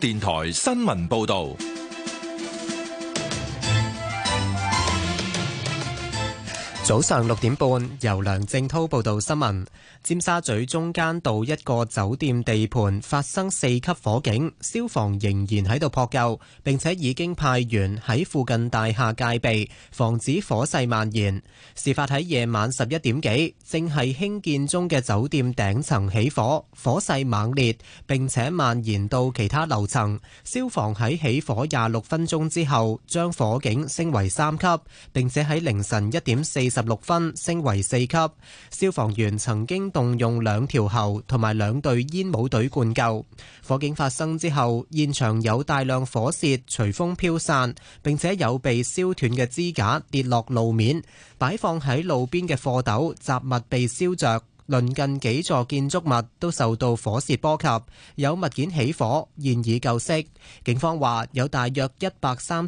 電台新聞報道。早上六點半，由梁正濤報道新聞。尖沙咀中間道一個酒店地盤發生四級火警，消防仍然喺度撲救，並且已經派員喺附近大廈戒備，防止火勢蔓延。事發喺夜晚十一點幾，正係興建中嘅酒店頂層起火，火勢猛烈，並且蔓延到其他樓層。消防喺起火廿六分鐘之後，將火警升為三級，並且喺凌晨一點四。十六分升為四級，消防員曾經動用兩條喉同埋兩隊煙帽隊灌救。火警發生之後，現場有大量火舌隨風飄散，並且有被燒斷嘅支架跌落路面，擺放喺路邊嘅貨斗雜物被燒着。鄰近幾座建築物都受到火勢波及，有物件起火，現已救熄。警方話有大約130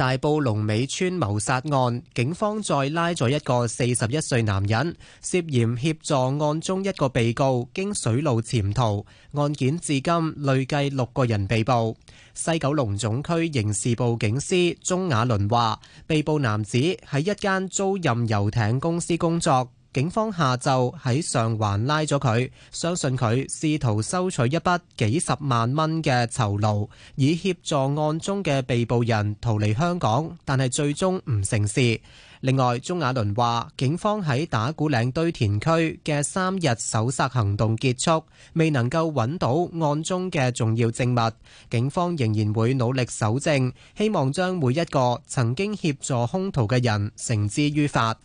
大埔龍尾村謀殺案，警方再拉咗一個四十一歲男人，涉嫌協助案中一個被告經水路潛逃。案件至今累計六個人被捕。西九龍總區刑事部警司鍾雅倫話，被捕男子喺一間租賃遊艇公司工作。警方下晝喺上環拉咗佢，相信佢試圖收取一筆幾十萬蚊嘅酬勞，以協助案中嘅被捕人逃離香港，但係最終唔成事。另外，鍾雅倫話，警方喺打鼓嶺堆填區嘅三日搜殺行動結束，未能夠揾到案中嘅重要證物，警方仍然會努力搜證，希望將每一個曾經協助兇徒嘅人繩之於法。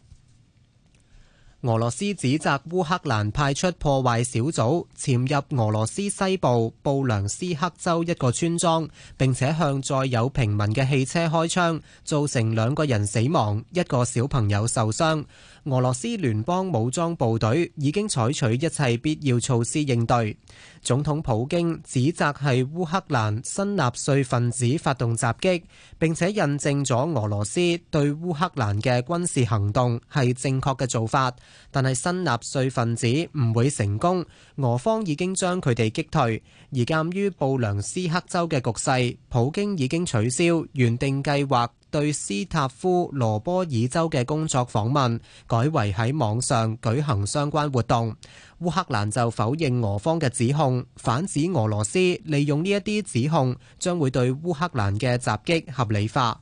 俄羅斯指責烏克蘭派出破壞小組潛入俄羅斯西部布良斯克州一個村莊，並且向載有平民嘅汽車開槍，造成兩個人死亡，一個小朋友受傷。俄羅斯聯邦武裝部隊已經採取一切必要措施應對。總統普京指責係烏克蘭新納粹分子發動襲擊，並且印證咗俄羅斯對烏克蘭嘅軍事行動係正確嘅做法。但係新納粹分子唔會成功，俄方已經將佢哋擊退。而鑑於布良斯克州嘅局勢，普京已經取消原定計劃。對斯塔夫羅波爾州嘅工作訪問改為喺網上舉行相關活動。烏克蘭就否認俄方嘅指控，反指俄羅斯利用呢一啲指控，將會對烏克蘭嘅襲擊合理化。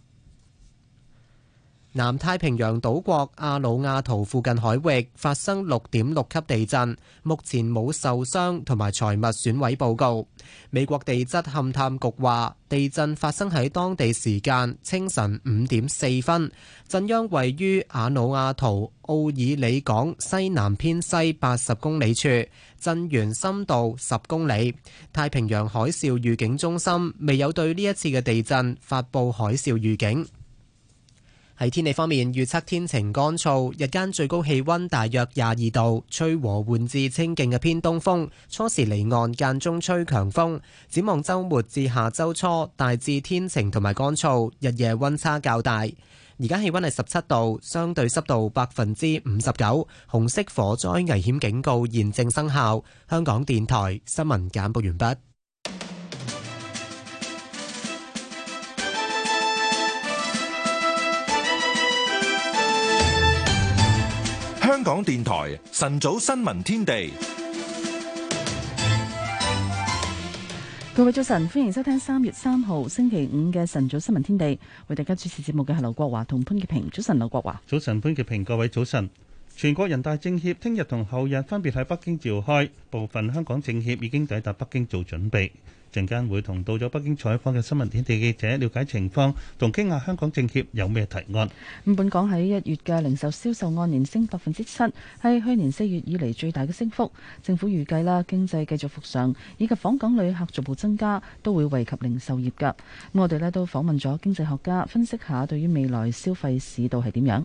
南太平洋島國阿魯亞圖附近海域發生六點六級地震，目前冇受傷同埋財物損毀報告。美國地質勘探局話，地震發生喺當地時間清晨五點四分，震央位於阿魯亞圖奧爾里港西南偏西八十公里處，震源深度十公里。太平洋海嘯預警中心未有對呢一次嘅地震發佈海嘯預警。喺天氣方面，預測天晴乾燥，日間最高氣溫大約廿二度，吹和緩至清勁嘅偏東風。初時離岸間中吹強風，展望周末至下周初大致天晴同埋乾燥，日夜溫差較大。而家氣溫係十七度，相對濕度百分之五十九，紅色火災危險警告現正生效。香港電台新聞簡報完畢。香港電台晨早新聞天地，各位早晨，歡迎收聽三月三號星期五嘅晨早新聞天地，為大家主持節目嘅係劉國華同潘潔平。早晨，劉國華，早晨，潘潔平，各位早晨。全國人大政協聽日同後日分別喺北京召開，部分香港政協已經抵達北京做準備。陣間會同到咗北京採訪嘅新聞天地記者了解情況，同傾下香港政協有咩提案。本港喺一月嘅零售銷售按年升百分之七，係去年四月以嚟最大嘅升幅。政府預計啦，經濟繼續復常以及訪港旅客逐步增加，都會惠及零售業㗎。我哋咧都訪問咗經濟學家，分析下對於未來消費市道係點樣。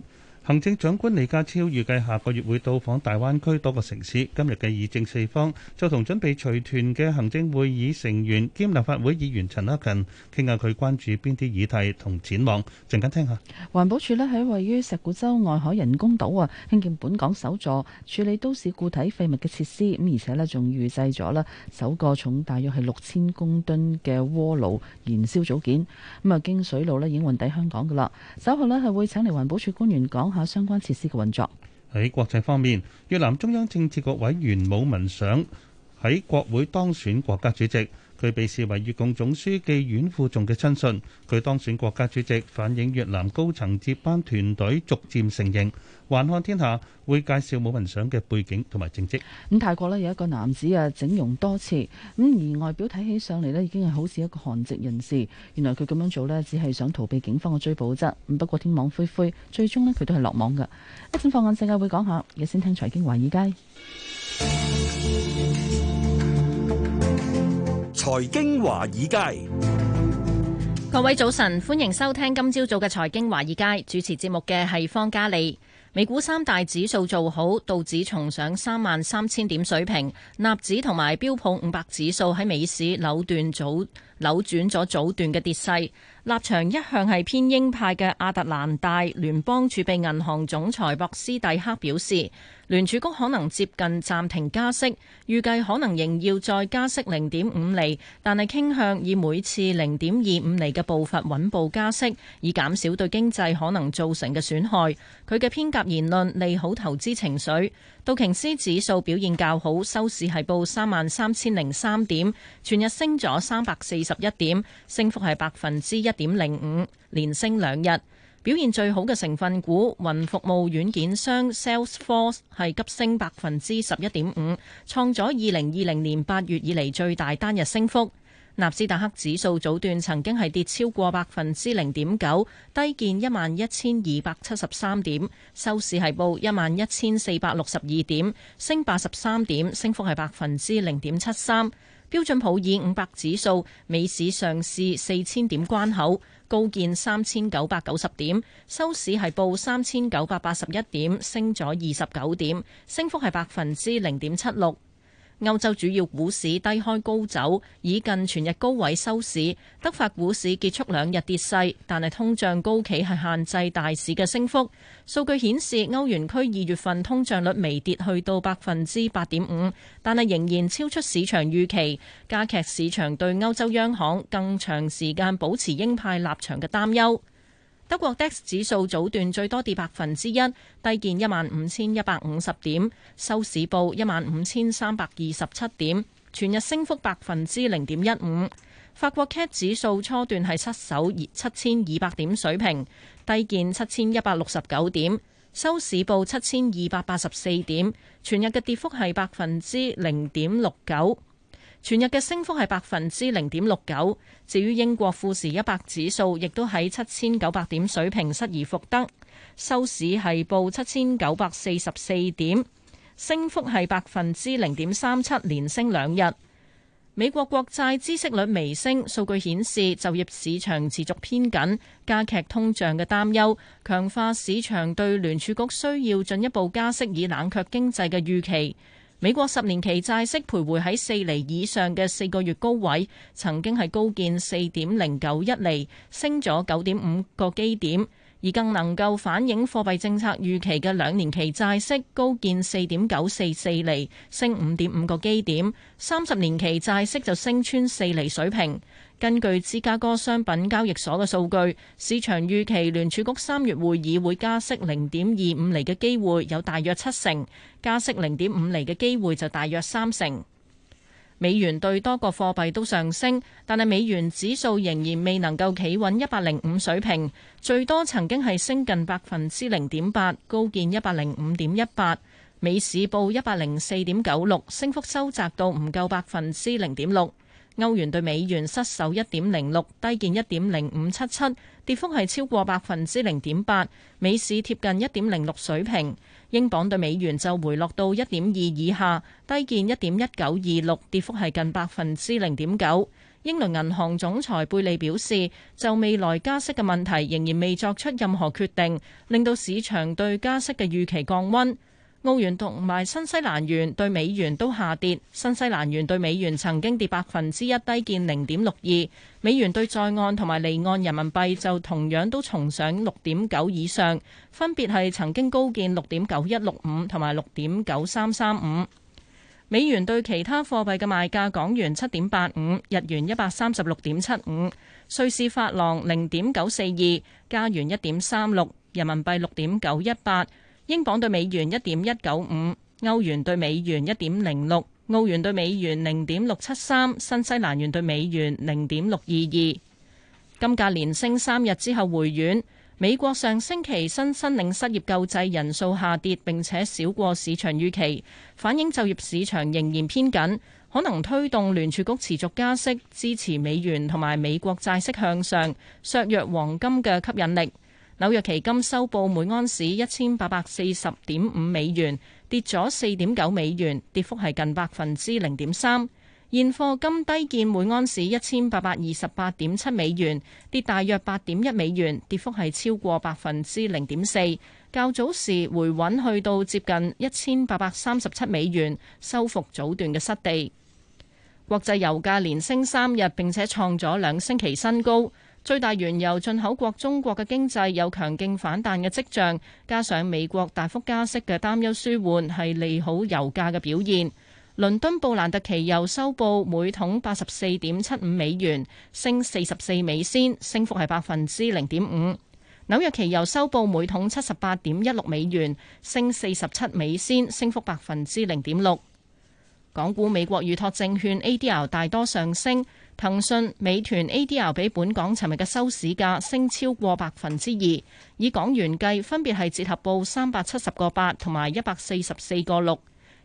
行政長官李家超預計下個月會到訪大灣區多個城市。今日嘅議政四方就同準備隨團嘅行政會議成員兼立法會議員陳克勤傾下佢關注邊啲議題同展望。陣間聽下。環保署咧喺位於石鼓洲外海人工島啊興建本港首座處理都市固體廢物嘅設施，咁而且咧仲預製咗啦首個重大約係六千公噸嘅鍋爐燃燒組件，咁啊經水路咧已經運抵香港噶啦。稍後咧係會請嚟環保署官員講。相關設施嘅運作。喺國際方面，越南中央政治局委員武文賞喺國會當選國家主席。佢被視為越共總書記阮富仲嘅親信，佢當選國家主席反映越南高層接班團隊逐漸成形。環看天下會介紹武文相嘅背景同埋政績。咁泰國咧有一個男子啊整容多次，咁而外表睇起上嚟咧已經係好似一個韓籍人士。原來佢咁樣做咧只係想逃避警方嘅追捕啫。不過天網恢恢，最終咧佢都係落網嘅。一陣放眼世界會講下，而家先聽財經華爾街。財經華爾街，各位早晨，歡迎收聽今朝早嘅財經華爾街。主持節目嘅係方嘉利。美股三大指數做好，道指重上三萬三千點水平，納指同埋標普五百指數喺美市扭斷組。扭轉咗早段嘅跌勢。立場一向係偏鷹派嘅亞特蘭大聯邦儲備銀行總裁博斯蒂克表示，聯儲局可能接近暫停加息，預計可能仍要再加息零點五厘，但係傾向以每次零點二五厘嘅步伐穩步加息，以減少對經濟可能造成嘅損害。佢嘅偏鴿言論利好投資情緒。道瓊斯指數表現較好，收市係報三萬三千零三點，全日升咗三百四十一點，升幅係百分之一點零五，連升兩日。表現最好嘅成分股雲服務軟件商 Salesforce 係急升百分之十一點五，創咗二零二零年八月以嚟最大單日升幅。納斯達克指數早段曾經係跌超過百分之零點九，低見一萬一千二百七十三點，收市係報一萬一千四百六十二點，升八十三點，升幅係百分之零點七三。標準普爾五百指數美市上試四千點關口，高見三千九百九十點，收市係報三千九百八十一點，升咗二十九點，升幅係百分之零點七六。歐洲主要股市低開高走，以近全日高位收市。德法股市結束兩日跌勢，但係通脹高企係限制大市嘅升幅。數據顯示，歐元區二月份通脹率微跌去到百分之八點五，但係仍然超出市場預期，加劇市場對歐洲央行更長時間保持鷹派立場嘅擔憂。德國 DAX 指數早段最多跌百分之一，低見一萬五千一百五十點，收市報一萬五千三百二十七點，全日升幅百分之零點一五。法國 CAC 指數初段係七手七千二百點水平，低見七千一百六十九點，收市報七千二百八十四點，全日嘅跌幅係百分之零點六九。全日嘅升幅係百分之零點六九。至於英國富時一百指數，亦都喺七千九百點水平失而復得，收市係報七千九百四十四點，升幅係百分之零點三七，連升兩日。美國國債孳息率微升，數據顯示就業市場持續偏緊，加劇通脹嘅擔憂，強化市場對聯儲局需要進一步加息以冷卻經濟嘅預期。美國十年期債息徘徊喺四厘以上嘅四個月高位，曾經係高見四點零九一厘，升咗九點五個基點。而更能夠反映貨幣政策預期嘅兩年期債息高見四點九四四厘，升五點五個基點。三十年期債息就升穿四厘水平。根據芝加哥商品交易所嘅數據，市場預期聯儲局三月會議會加息零點二五厘嘅機會有大約七成，加息零點五厘嘅機會就大約三成。美元對多個貨幣都上升，但係美元指數仍然未能夠企穩一百零五水平，最多曾經係升近百分之零點八，高見一百零五點一八。美市報一百零四點九六，升幅收窄到唔夠百分之零點六。歐元對美元失守一點零六，低見一點零五七七，跌幅係超過百分之零點八。美市貼近一點零六水平，英鎊對美元就回落到一點二以下，低見一點一九二六，跌幅係近百分之零點九。英倫銀行總裁貝利表示，就未來加息嘅問題仍然未作出任何決定，令到市場對加息嘅預期降温。澳元同埋新西蘭元對美元都下跌，新西蘭元對美元曾經跌百分之一低見零點六二，美元對在岸同埋離岸人民幣就同樣都重上六點九以上，分別係曾經高見六點九一六五同埋六點九三三五。美元對其他貨幣嘅賣價，港元七點八五，日元一百三十六點七五，瑞士法郎零點九四二，加元一點三六，人民幣六點九一八。英鎊對美元一點一九五，歐元對美元一點零六，澳元對美元零點六七三，新西蘭元對美元零點六二二。金價連升三日之後回軟。美國上星期新申領失業救濟人數下跌，並且少過市場預期，反映就業市場仍然偏緊，可能推動聯儲局持續加息，支持美元同埋美國債息向上，削弱黃金嘅吸引力。紐約期金收報每安士一千八百四十點五美元，跌咗四點九美元，跌幅係近百分之零點三。現貨金低見每安士一千八百二十八點七美元，跌大約八點一美元，跌幅係超過百分之零點四。較早時回穩去到接近一千八百三十七美元，收復早段嘅失地。國際油價連升三日，並且創咗兩星期新高。最大原油進口國中國嘅經濟有強勁反彈嘅跡象，加上美國大幅加息嘅擔憂舒緩，係利好油價嘅表現。倫敦布蘭特期油收報每桶八十四點七五美元，升四十四美仙，升幅係百分之零點五。紐約期油收報每桶七十八點一六美元，升四十七美仙，升幅百分之零點六。港股美國預託證券 ADR 大多上升。騰訊、美團 ADR 比本港尋日嘅收市價升超過百分之二，以港元計分別係折合報三百七十個八同埋一百四十四個六。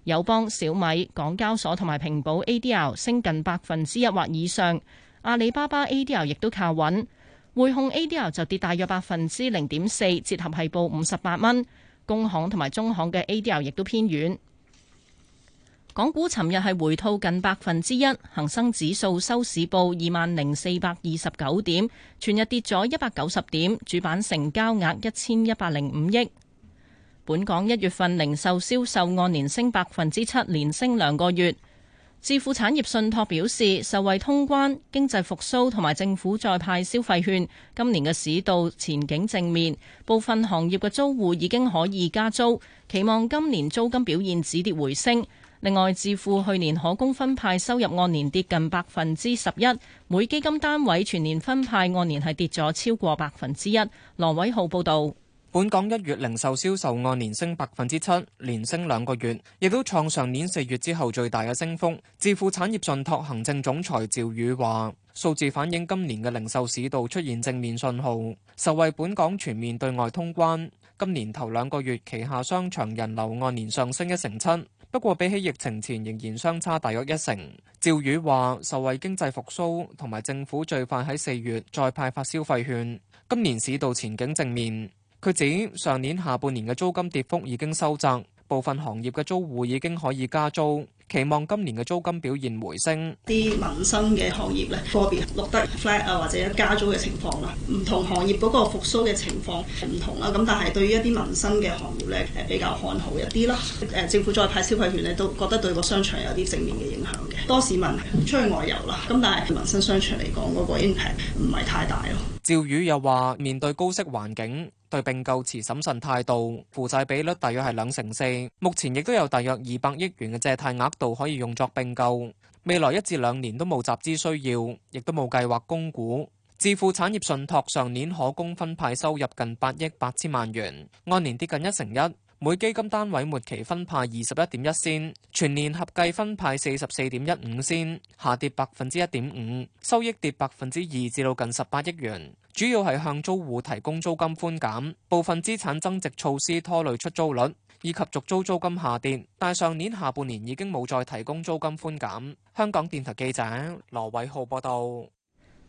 友邦、小米、港交所同埋平保 ADR 升近百分之一或以上，阿里巴巴 ADR 亦都靠穩，匯控 ADR 就跌大約百分之零點四，折合係報五十八蚊。工行同埋中行嘅 ADR 亦都偏軟。港股尋日係回吐近百分之一，恒生指數收市報二萬零四百二十九點，全日跌咗一百九十點，主板成交額一千一百零五億。本港一月份零售銷售按年升百分之七，連升兩個月。置富產業信託表示，受惠通關、經濟復甦同埋政府再派消費券，今年嘅市道前景正面，部分行業嘅租戶已經可以加租，期望今年租金表現止跌回升。另外，置富去年可供分派收入按年跌近百分之十一，每基金單位全年分派按年係跌咗超過百分之一。羅偉浩報道，本港一月零售銷售按年升百分之七，連升兩個月，亦都創上年四月之後最大嘅升幅。置富產業信託行政總裁趙宇話，數字反映今年嘅零售市道出現正面信號，受惠本港全面對外通關。今年頭兩個月，旗下商場人流按年上升一成七。不過比起疫情前，仍然相差大約一成。趙宇話：受惠經濟復甦，同埋政府最快喺四月再派發消費券，今年市道前景正面。佢指上年下半年嘅租金跌幅已經收窄，部分行業嘅租戶已經可以加租。期望今年嘅租金表現回升，啲民生嘅行業咧，個別錄得 flat 啊，或者一加租嘅情況啦。唔同行業嗰個復甦嘅情況唔同啦。咁但係對於一啲民生嘅行業咧，誒比較看好一啲啦。誒政府再派消費券咧，都覺得對個商場有啲正面嘅影響嘅。多市民出去外遊啦，咁但係民生商場嚟講嗰個 impact 唔係太大咯。趙宇又話：面對高息環境。對併購持審慎態度，負債比率大約係兩成四，目前亦都有大約二百億元嘅借貸額度可以用作併購，未來一至兩年都冇集資需要，亦都冇計劃供股。致富產業信託上年可供分派收入近八億八千萬元，按年跌近一成一，每基金單位末期分派二十一點一仙，全年合計分派四十四點一五仙，下跌百分之一點五，收益跌百分之二，至到近十八億元。主要係向租戶提供租金寬減，部分資產增值措施拖累出租率，以及續租租金下跌。但上年下半年已經冇再提供租金寬減。香港電台記者羅偉浩報道。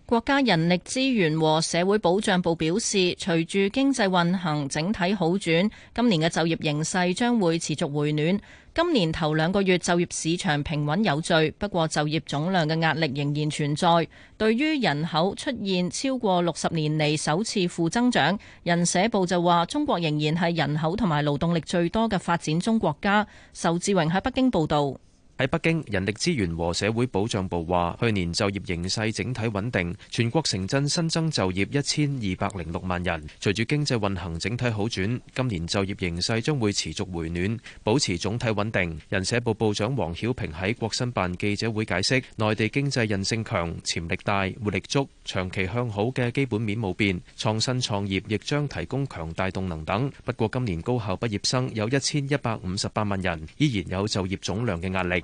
國家人力資源和社會保障部表示，隨住經濟運行整體好轉，今年嘅就業形勢將會持續回暖。今年頭兩個月就業市場平穩有序，不過就業總量嘅壓力仍然存在。對於人口出現超過六十年嚟首次負增長，人社部就話中國仍然係人口同埋勞動力最多嘅發展中國家。仇志榮喺北京報道。喺北京，人力資源和社會保障部話，去年就業形勢整體穩定，全國城鎮新增就業一千二百零六萬人。隨住經濟運行整體好轉，今年就業形勢將會持續回暖，保持總體穩定。人社部部長王曉平喺國新辦記者會解釋，內地經濟韌性強、潛力大、活力足，長期向好嘅基本面冇變，創新創業亦將提供強大動能等。不過，今年高校畢業生有一千一百五十八萬人，依然有就業總量嘅壓力。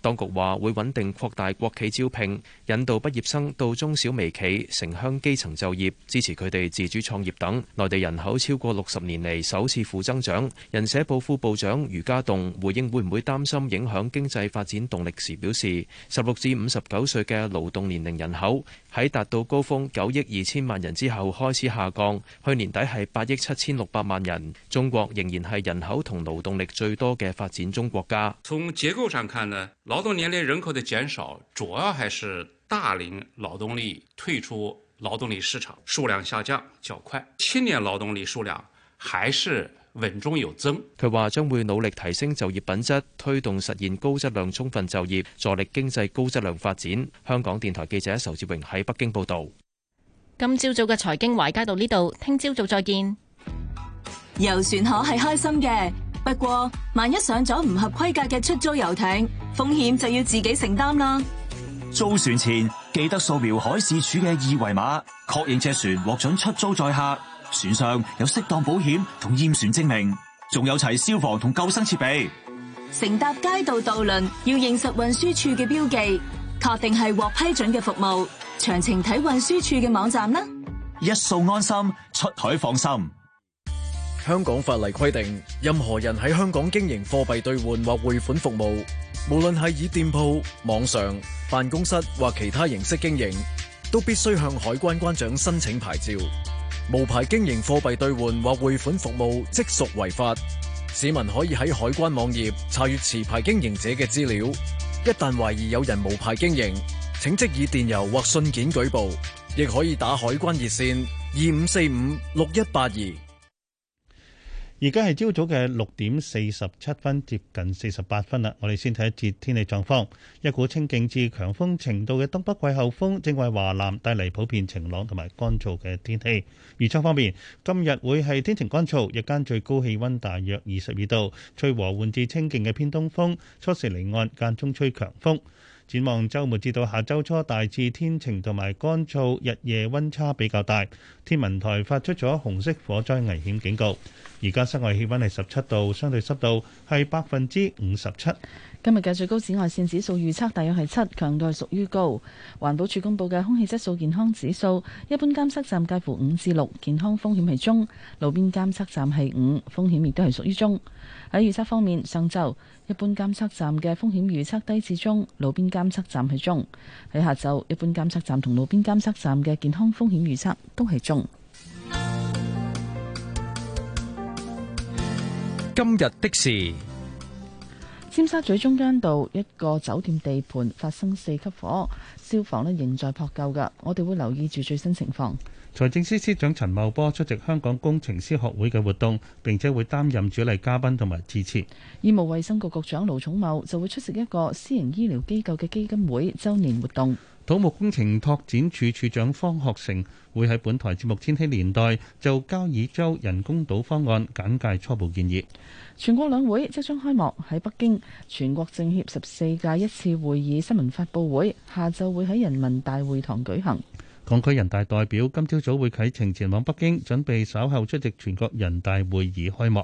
當局話會穩定擴大國企招聘，引導畢業生到中小微企、城鄉基層就業，支持佢哋自主創業等。內地人口超過六十年嚟首次負增長。人社部副部長俞家棟回應會唔會擔心影響經濟發展動力時表示：十六至五十九歲嘅勞動年齡人口喺達到高峰九億二千萬人之後開始下降，去年底係八億七千六百萬人。中國仍然係人口同勞動力最多嘅發展中國家。從結構上看呢，勞動年齡人口的減少，主要還是大齡勞動力退出勞動力市場數量下降較快，青年勞動力數量還是穩中有增。佢話將會努力提升就業品質，推動實現高質量充分就業，助力經濟高質量發展。香港電台記者仇志榮喺北京報道。今朝早嘅財經懷街到呢度，聽朝早再見。遊船河係開心嘅。不過，萬一上咗唔合規格嘅出租遊艇，風險就要自己承擔啦。租船前記得掃描海事處嘅二維碼，確認隻船獲准出租載客，船上有適當保險同驗船證明，仲有齊消防同救生設備。乘搭街道渡輪要認實運輸署嘅標記，確定係獲批准嘅服務，詳情睇運輸署嘅網站啦。一掃安心，出海放心。香港法例規定，任何人喺香港經營貨幣兌換或匯款服務，無論係以店鋪、網上、辦公室或其他形式經營，都必須向海關關長申請牌照。無牌經營貨幣兌換或匯款服務，即屬違法。市民可以喺海關網頁查閱持牌經營者嘅資料。一旦懷疑有人無牌經營，請即以電郵或信件舉報，亦可以打海關熱線二五四五六一八二。而家係朝早嘅六點四十七分，接近四十八分啦。我哋先睇一節天氣狀況。一股清勁至強風程度嘅東北季候風，正為華南帶嚟普遍晴朗同埋乾燥嘅天氣。預測方面，今日會係天晴乾燥，日間最高氣溫大約二十二度，吹和緩至清勁嘅偏東風，初時離岸，間中吹強風。展望周末至到下周初，大致天晴同埋乾燥，日夜溫差比較大。天文台發出咗紅色火災危險警告。而家室外氣溫係十七度，相對濕度係百分之五十七。今日嘅最高紫外線指數預測大約係七，強度係屬於高。環保署公布嘅空氣質素健康指數，一般監測站介乎五至六，健康風險係中；路邊監測站係五，風險亦都係屬於中。喺預測方面，上晝一般監測站嘅風險預測低至中，路邊監測站係中；喺下晝，一般監測站同路邊監測站嘅健康風險預測都係中。今日的事。尖沙咀中間道一個酒店地盤發生四級火，消防咧仍在撲救噶。我哋會留意住最新情況。財政司司長陳茂波出席香港工程師學會嘅活動，並且會擔任主禮嘉賓同埋致辭。醫務衛生局局長盧寵茂就會出席一個私營醫療機構嘅基金會周年活動。土木工程拓展處處長方學成會喺本台節目《千禧年代》就交椅洲人工島方案簡介初步建議。全國兩會即將開幕，喺北京全國政協十四屆一次會議新聞發布會下晝會喺人民大會堂舉行。港區人大代表今朝早會啟程前往北京，準備稍後出席全國人大會議開幕。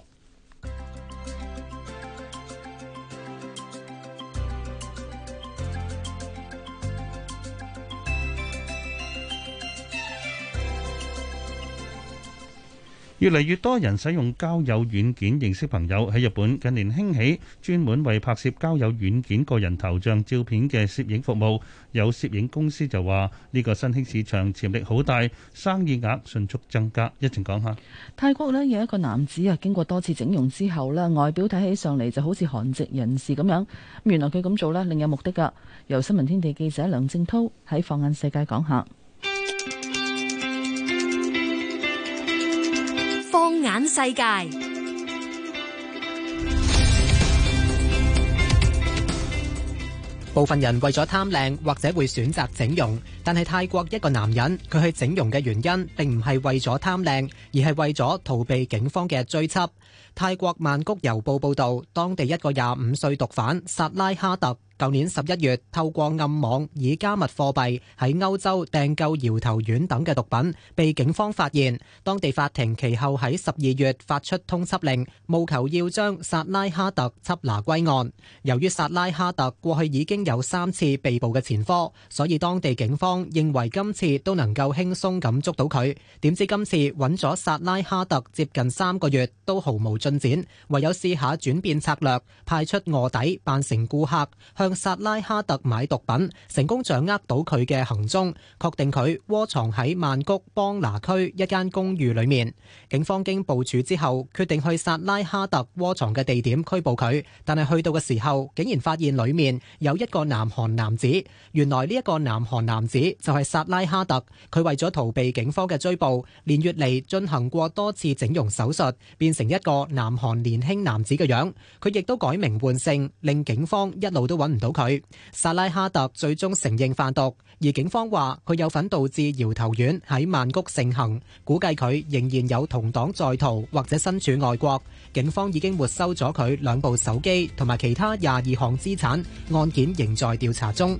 越嚟越多人使用交友軟件認識朋友，喺日本近年興起專門為拍攝交友軟件個人頭像照片嘅攝影服務，有攝影公司就話呢個新興市場潛力好大，生意額迅速增加。一齊講下。泰國咧有一個男子啊，經過多次整容之後咧，外表睇起上嚟就好似韓籍人士咁樣，原來佢咁做咧另有目的噶。由新聞天地記者梁正濤喺放眼世界講下。眼世界，部分人為咗貪靚或者會選擇整容，但係泰國一個男人佢去整容嘅原因，並唔係為咗貪靚，而係為咗逃避警方嘅追緝。泰國曼谷郵報報道，當地一個廿五歲毒販薩拉哈特。舊年十一月，透過暗網以加密貨幣喺歐洲訂購搖頭丸等嘅毒品，被警方發現。當地法庭其後喺十二月發出通緝令，務求要將薩拉哈特緝拿歸案。由於薩拉哈特過去已經有三次被捕嘅前科，所以當地警方認為今次都能夠輕鬆咁捉到佢。點知今次揾咗薩拉哈特接近三個月都毫無進展，唯有試下轉變策略，派出臥底扮成顧客，向薩拉哈特買毒品，成功掌握到佢嘅行蹤，確定佢窩藏喺曼谷邦拿區一間公寓裏面。警方經部署之後，決定去薩拉哈特窩藏嘅地點拘捕佢，但係去到嘅時候，竟然發現裏面有一個南韓男子。原來呢一個南韓男子就係薩拉哈特，佢為咗逃避警方嘅追捕，連月嚟進行過多次整容手術，變成一個南韓年輕男子嘅樣子，佢亦都改名換姓，令警方一路都揾。.唔到佢。薩拉哈特最終承認販毒，而警方話佢有份導致搖頭丸喺曼谷盛行，估計佢仍然有同黨在逃或者身處外國。警方已經沒收咗佢兩部手機同埋其他廿二項資產，案件仍在調查中。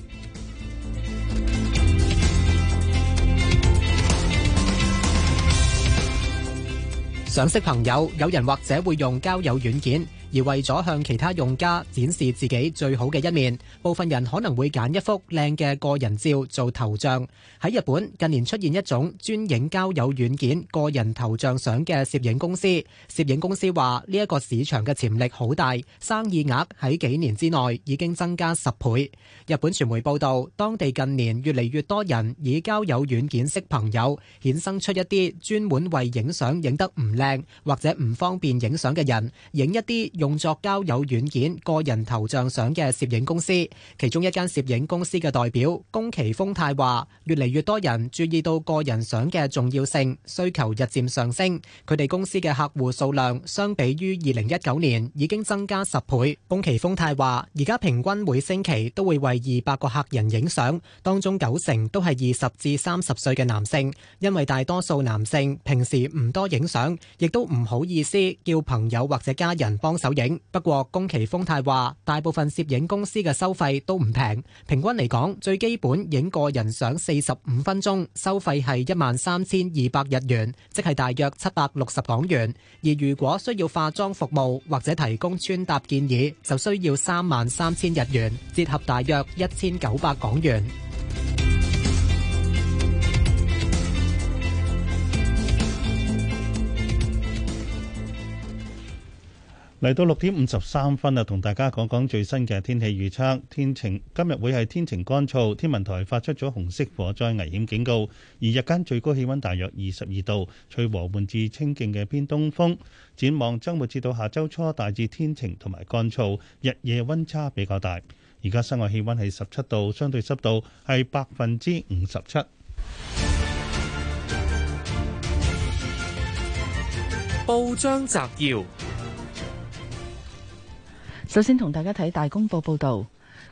想識朋友有人或者會用交友軟件, 而為咗向其他用家展示自己最好嘅一面，部分人可能會揀一幅靚嘅個人照做頭像。喺日本近年出現一種專影交友軟件，個人頭像相嘅攝影公司。攝影公司話呢一個市場嘅潛力好大，生意額喺幾年之內已經增加十倍。日本傳媒報道，當地近年越嚟越多人以交友軟件識朋友，衍生出一啲專門為影相影得唔靚或者唔方便影相嘅人，影一啲。用作交友軟件、個人頭像相嘅攝影公司。其中一間攝影公司嘅代表宮崎風太話：越嚟越多人注意到個人相嘅重要性，需求日漸上升。佢哋公司嘅客戶數量相比於二零一九年已經增加十倍。宮崎風太話：而家平均每星期都會為二百個客人影相，當中九成都係二十至三十歲嘅男性，因為大多數男性平時唔多影相，亦都唔好意思叫朋友或者家人幫手。影，不過，宮崎風太話，大部分攝影公司嘅收費都唔平，平均嚟講，最基本影個人相四十五分鐘，收費係一萬三千二百日元，即係大約七百六十港元。而如果需要化妝服務或者提供穿搭建議，就需要三萬三千日元，折合大約一千九百港元。嚟到六點五十三分啦，同大家講講最新嘅天氣預測。天晴，今日會係天晴乾燥。天文台發出咗紅色火災危險警告，而日間最高氣溫大約二十二度，吹和緩至清勁嘅偏東風。展望周末至到下周初，大致天晴同埋乾燥，日夜溫差比較大。而家室外氣溫係十七度，相對濕度係百分之五十七。報章摘要。首先同大家睇大公報報道，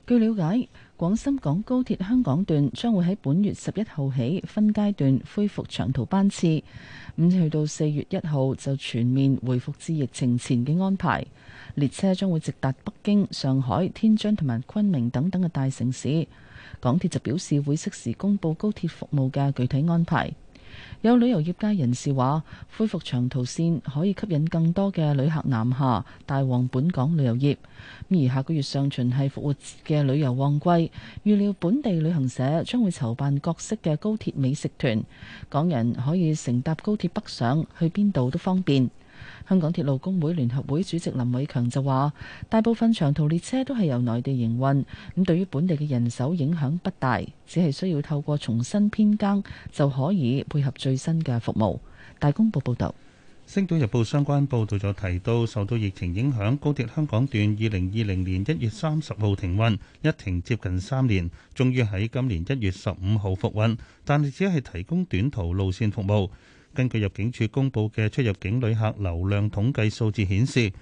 據了解，廣深港高鐵香港段將會喺本月十一號起分階段恢復長途班次，咁去到四月一號就全面恢復至疫情前嘅安排。列車將會直達北京、上海、天津同埋昆明等等嘅大城市。港鐵就表示會適時公布高鐵服務嘅具體安排。有旅遊業界人士話，恢復長途線可以吸引更多嘅旅客南下，帶旺本港旅遊業。而下個月上旬係復活節嘅旅遊旺季，預料本地旅行社將會籌辦各式嘅高鐵美食團，港人可以乘搭高鐵北上去邊度都方便。香港鐵路工會聯合會主席林偉強就話，大部分長途列車都係由內地營運，咁對於本地嘅人手影響不大，只係需要透過重新編更就可以配合最新嘅服務。大公報報道，《星島日報》相關報道就提到，受到疫情影響，高鐵香港段二零二零年一月三十號停運，一停接近三年，終於喺今年一月十五號復運，但係只係提供短途路線服務。根據入境處公佈嘅出入境旅客流量統計數字顯示，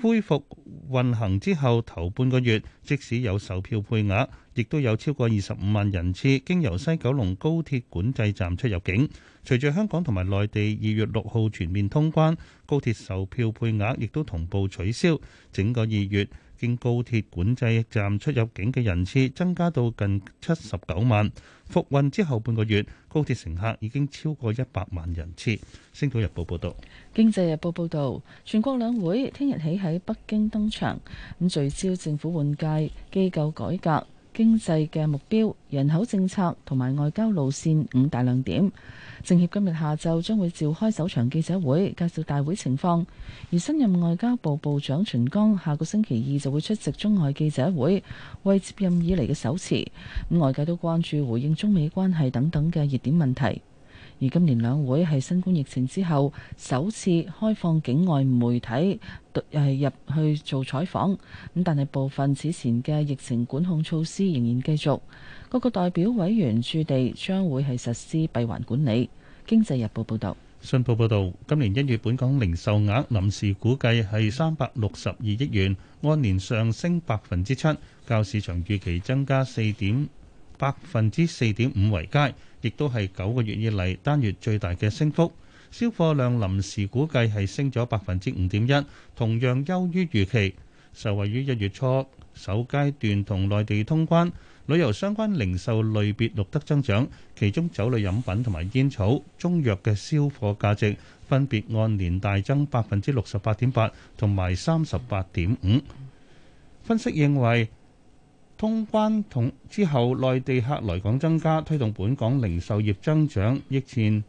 恢復運行之後頭半個月，即使有售票配額，亦都有超過二十五萬人次經由西九龍高鐵管制站出入境。隨住香港同埋內地二月六號全面通關，高鐵售票配額亦都同步取消。整個二月，經高鐵管制站出入境嘅人次增加到近七十九萬，復運之後半個月，高鐵乘客已經超過一百萬人次。星島日報報道，經濟日報報道，全國兩會聽日起喺北京登場，咁聚焦政府換屆、機構改革。經濟嘅目標、人口政策同埋外交路線五大亮點。政協今日下晝將會召開首場記者會，介紹大會情況。而新任外交部部長秦剛下個星期二就會出席中外記者會，為接任以嚟嘅首次。外界都關注回應中美關係等等嘅熱點問題。而今年兩會係新冠疫情之後首次開放境外媒體誒入去做採訪，咁但係部分此前嘅疫情管控措施仍然繼續，各個代表委員駐地將會係實施閉環管理。經濟日報報導，信報報導，今年一月本港零售額臨時估計係三百六十二億元，按年上升百分之七，較市場預期增加四點百分之四點五為佳。亦都係九個月以嚟單月最大嘅升幅，銷貨量臨時估計係升咗百分之五點一，同樣優於預期。受惠於一月初首階段同內地通關，旅遊相關零售類別錄得增長，其中酒類飲品同埋煙草、中藥嘅銷貨價值分別按年大增百分之六十八點八同埋三十八點五。分析認為，通關同之後，內地客來港增加，推動本港零售業增長。疫前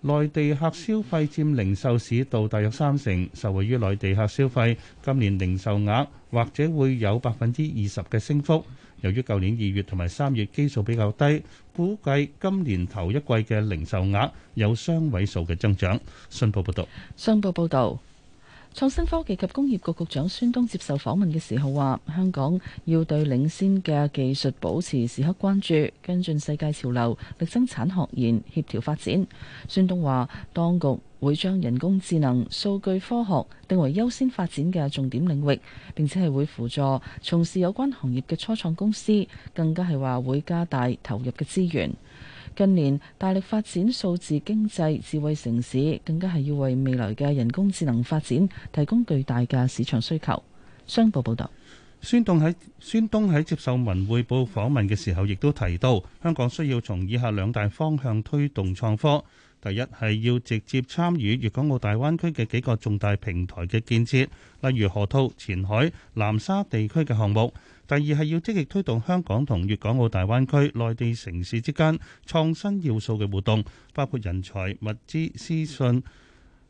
內地客消費佔零售市道大約三成，受惠於內地客消費，今年零售額或者會有百分之二十嘅升幅。由於舊年二月同埋三月基數比較低，估計今年頭一季嘅零售額有雙位數嘅增長。信報報導，商報報導。創新科技及工業局局長孫東接受訪問嘅時候話，香港要對領先嘅技術保持時刻關注，跟進世界潮流，力爭產學研協調發展。孫東話，當局會將人工智能、數據科學定為優先發展嘅重點領域，並且係會輔助從事有關行業嘅初創公司，更加係話會加大投入嘅資源。近年大力發展數字經濟、智慧城市，更加係要為未來嘅人工智能發展提供巨大嘅市場需求。商報報道孫東喺孫東喺接受文匯報訪問嘅時候，亦都提到香港需要從以下兩大方向推動創科。第一係要直接參與粵港澳大灣區嘅幾個重大平台嘅建設，例如河套、前海、南沙地區嘅項目。第二係要積極推動香港同粵港澳大灣區內地城市之間創新要素嘅互動，包括人才、物資、資訊、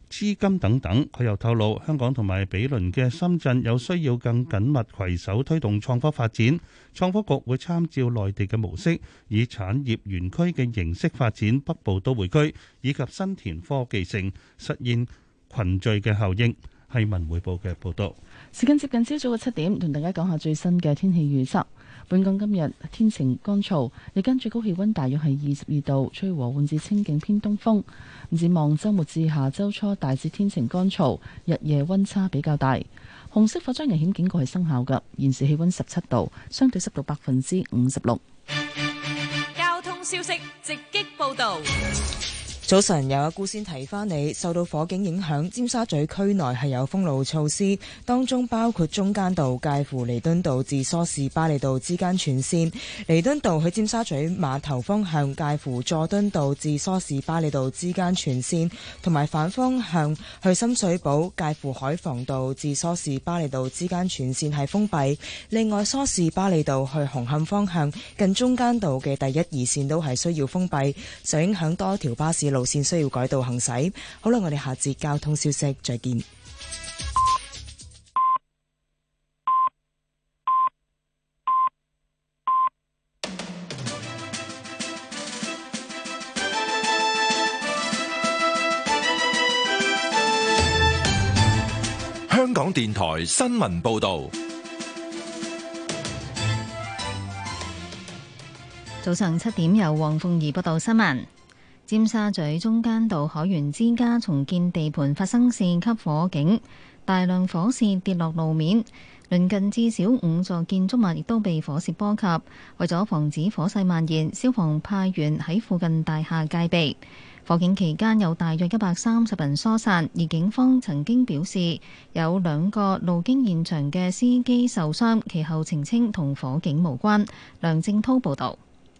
資金等等。佢又透露，香港同埋比鄰嘅深圳有需要更緊密攜手推動創科發展，創科局會參照內地嘅模式，以產業園區嘅形式發展北部都會區以及新田科技城，實現群聚嘅效應，係文匯報嘅報道。時間接近朝早嘅七點，同大家講下最新嘅天氣預測。本港今日天晴乾燥，日間最高氣溫大約係二十二度，吹和緩至清勁偏東風。展望周末至下周初，大致天晴乾燥，日夜溫差比較大。紅色火災危險警告係生效㗎，現時氣溫十七度，相對濕度百分之五十六。交通消息直擊報道。Yes. 早晨，有阿姑先提翻你，受到火警影響，尖沙咀區內係有封路措施，當中包括中間道介乎彌敦道至梳士巴利道之間全線，彌敦道去尖沙咀碼頭方向介乎佐敦道至梳士巴利道之間全線，同埋反方向去深水埗介乎海防道至梳士巴利道之間全線係封閉。另外，梳士巴利道去紅磡方向近中間道嘅第一二線都係需要封閉，就影響多條巴士路，路線需要改道行駛。好啦，我哋下次交通消息再見。香港電台新聞報道，早上七點由黃鳳儀報道新聞。尖沙咀中間道海員之家重建地盤發生四級火警，大量火屑跌落路面，鄰近至少五座建築物亦都被火舌波及。為咗防止火勢蔓延，消防派員喺附近大廈戒備。火警期間有大約一百三十人疏散，而警方曾經表示有兩個路經現場嘅司機受傷，其後澄清同火警無關。梁正滔報導。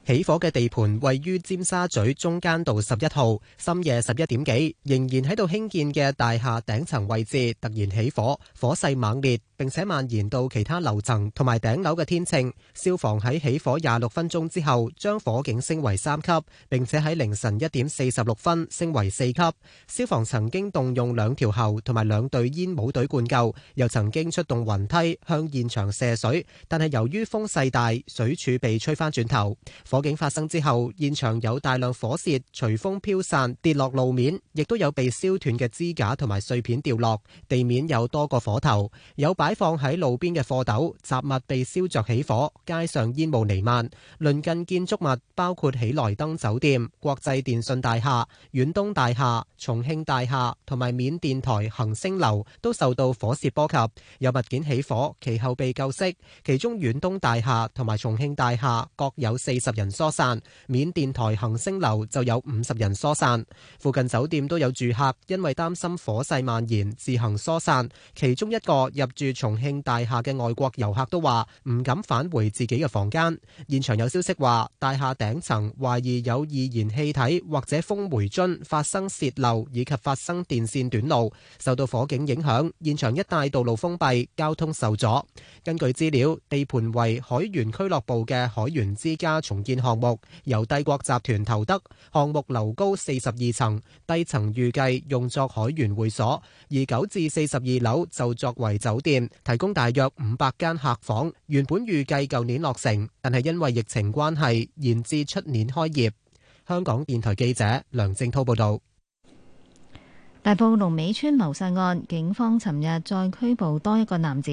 起火嘅地盤位於尖沙咀中間道十一號，深夜十一點幾，仍然喺度興建嘅大廈頂層位置突然起火，火勢猛烈。並且蔓延到其他樓層同埋頂樓嘅天秤，消防喺起火廿六分鐘之後，將火警升為三級，並且喺凌晨一點四十六分升為四級。消防曾經動用兩條喉同埋兩隊煙帽隊灌救，又曾經出動雲梯向現場射水，但係由於風勢大，水柱被吹返轉頭。火警發生之後，現場有大量火舌隨風飄散，跌落路面，亦都有被燒斷嘅支架同埋碎片掉落，地面有多個火頭，有把。擺放喺路邊嘅貨斗雜物被燒着起火，街上煙霧彌漫。鄰近建築物包括喜來登酒店、國際電信大廈、遠東大廈、重慶大廈同埋緬甸台恆星樓都受到火勢波及，有物件起火，其後被救熄。其中遠東大廈同埋重慶大廈各有四十人疏散，緬甸台恆星樓就有五十人疏散。附近酒店都有住客因為擔心火勢蔓延自行疏散，其中一個入住。重慶大廈嘅外國遊客都話唔敢返回自己嘅房間。現場有消息話，大廈頂層懷疑有易燃氣體或者風煤樽發生泄漏，以及發生電線短路。受到火警影響，現場一帶道路封閉，交通受阻。根據資料，地盤為海員俱樂部嘅海員之家重建項目，由帝國集團投得。項目樓高四十二層，低層預計用作海員會所，而九至四十二樓就作為酒店。提供大約五百間客房，原本預計舊年落成，但係因為疫情關係延至出年開業。香港電台記者梁正濤報道。大埔龍尾村謀殺案，警方尋日再拘捕多一個男子，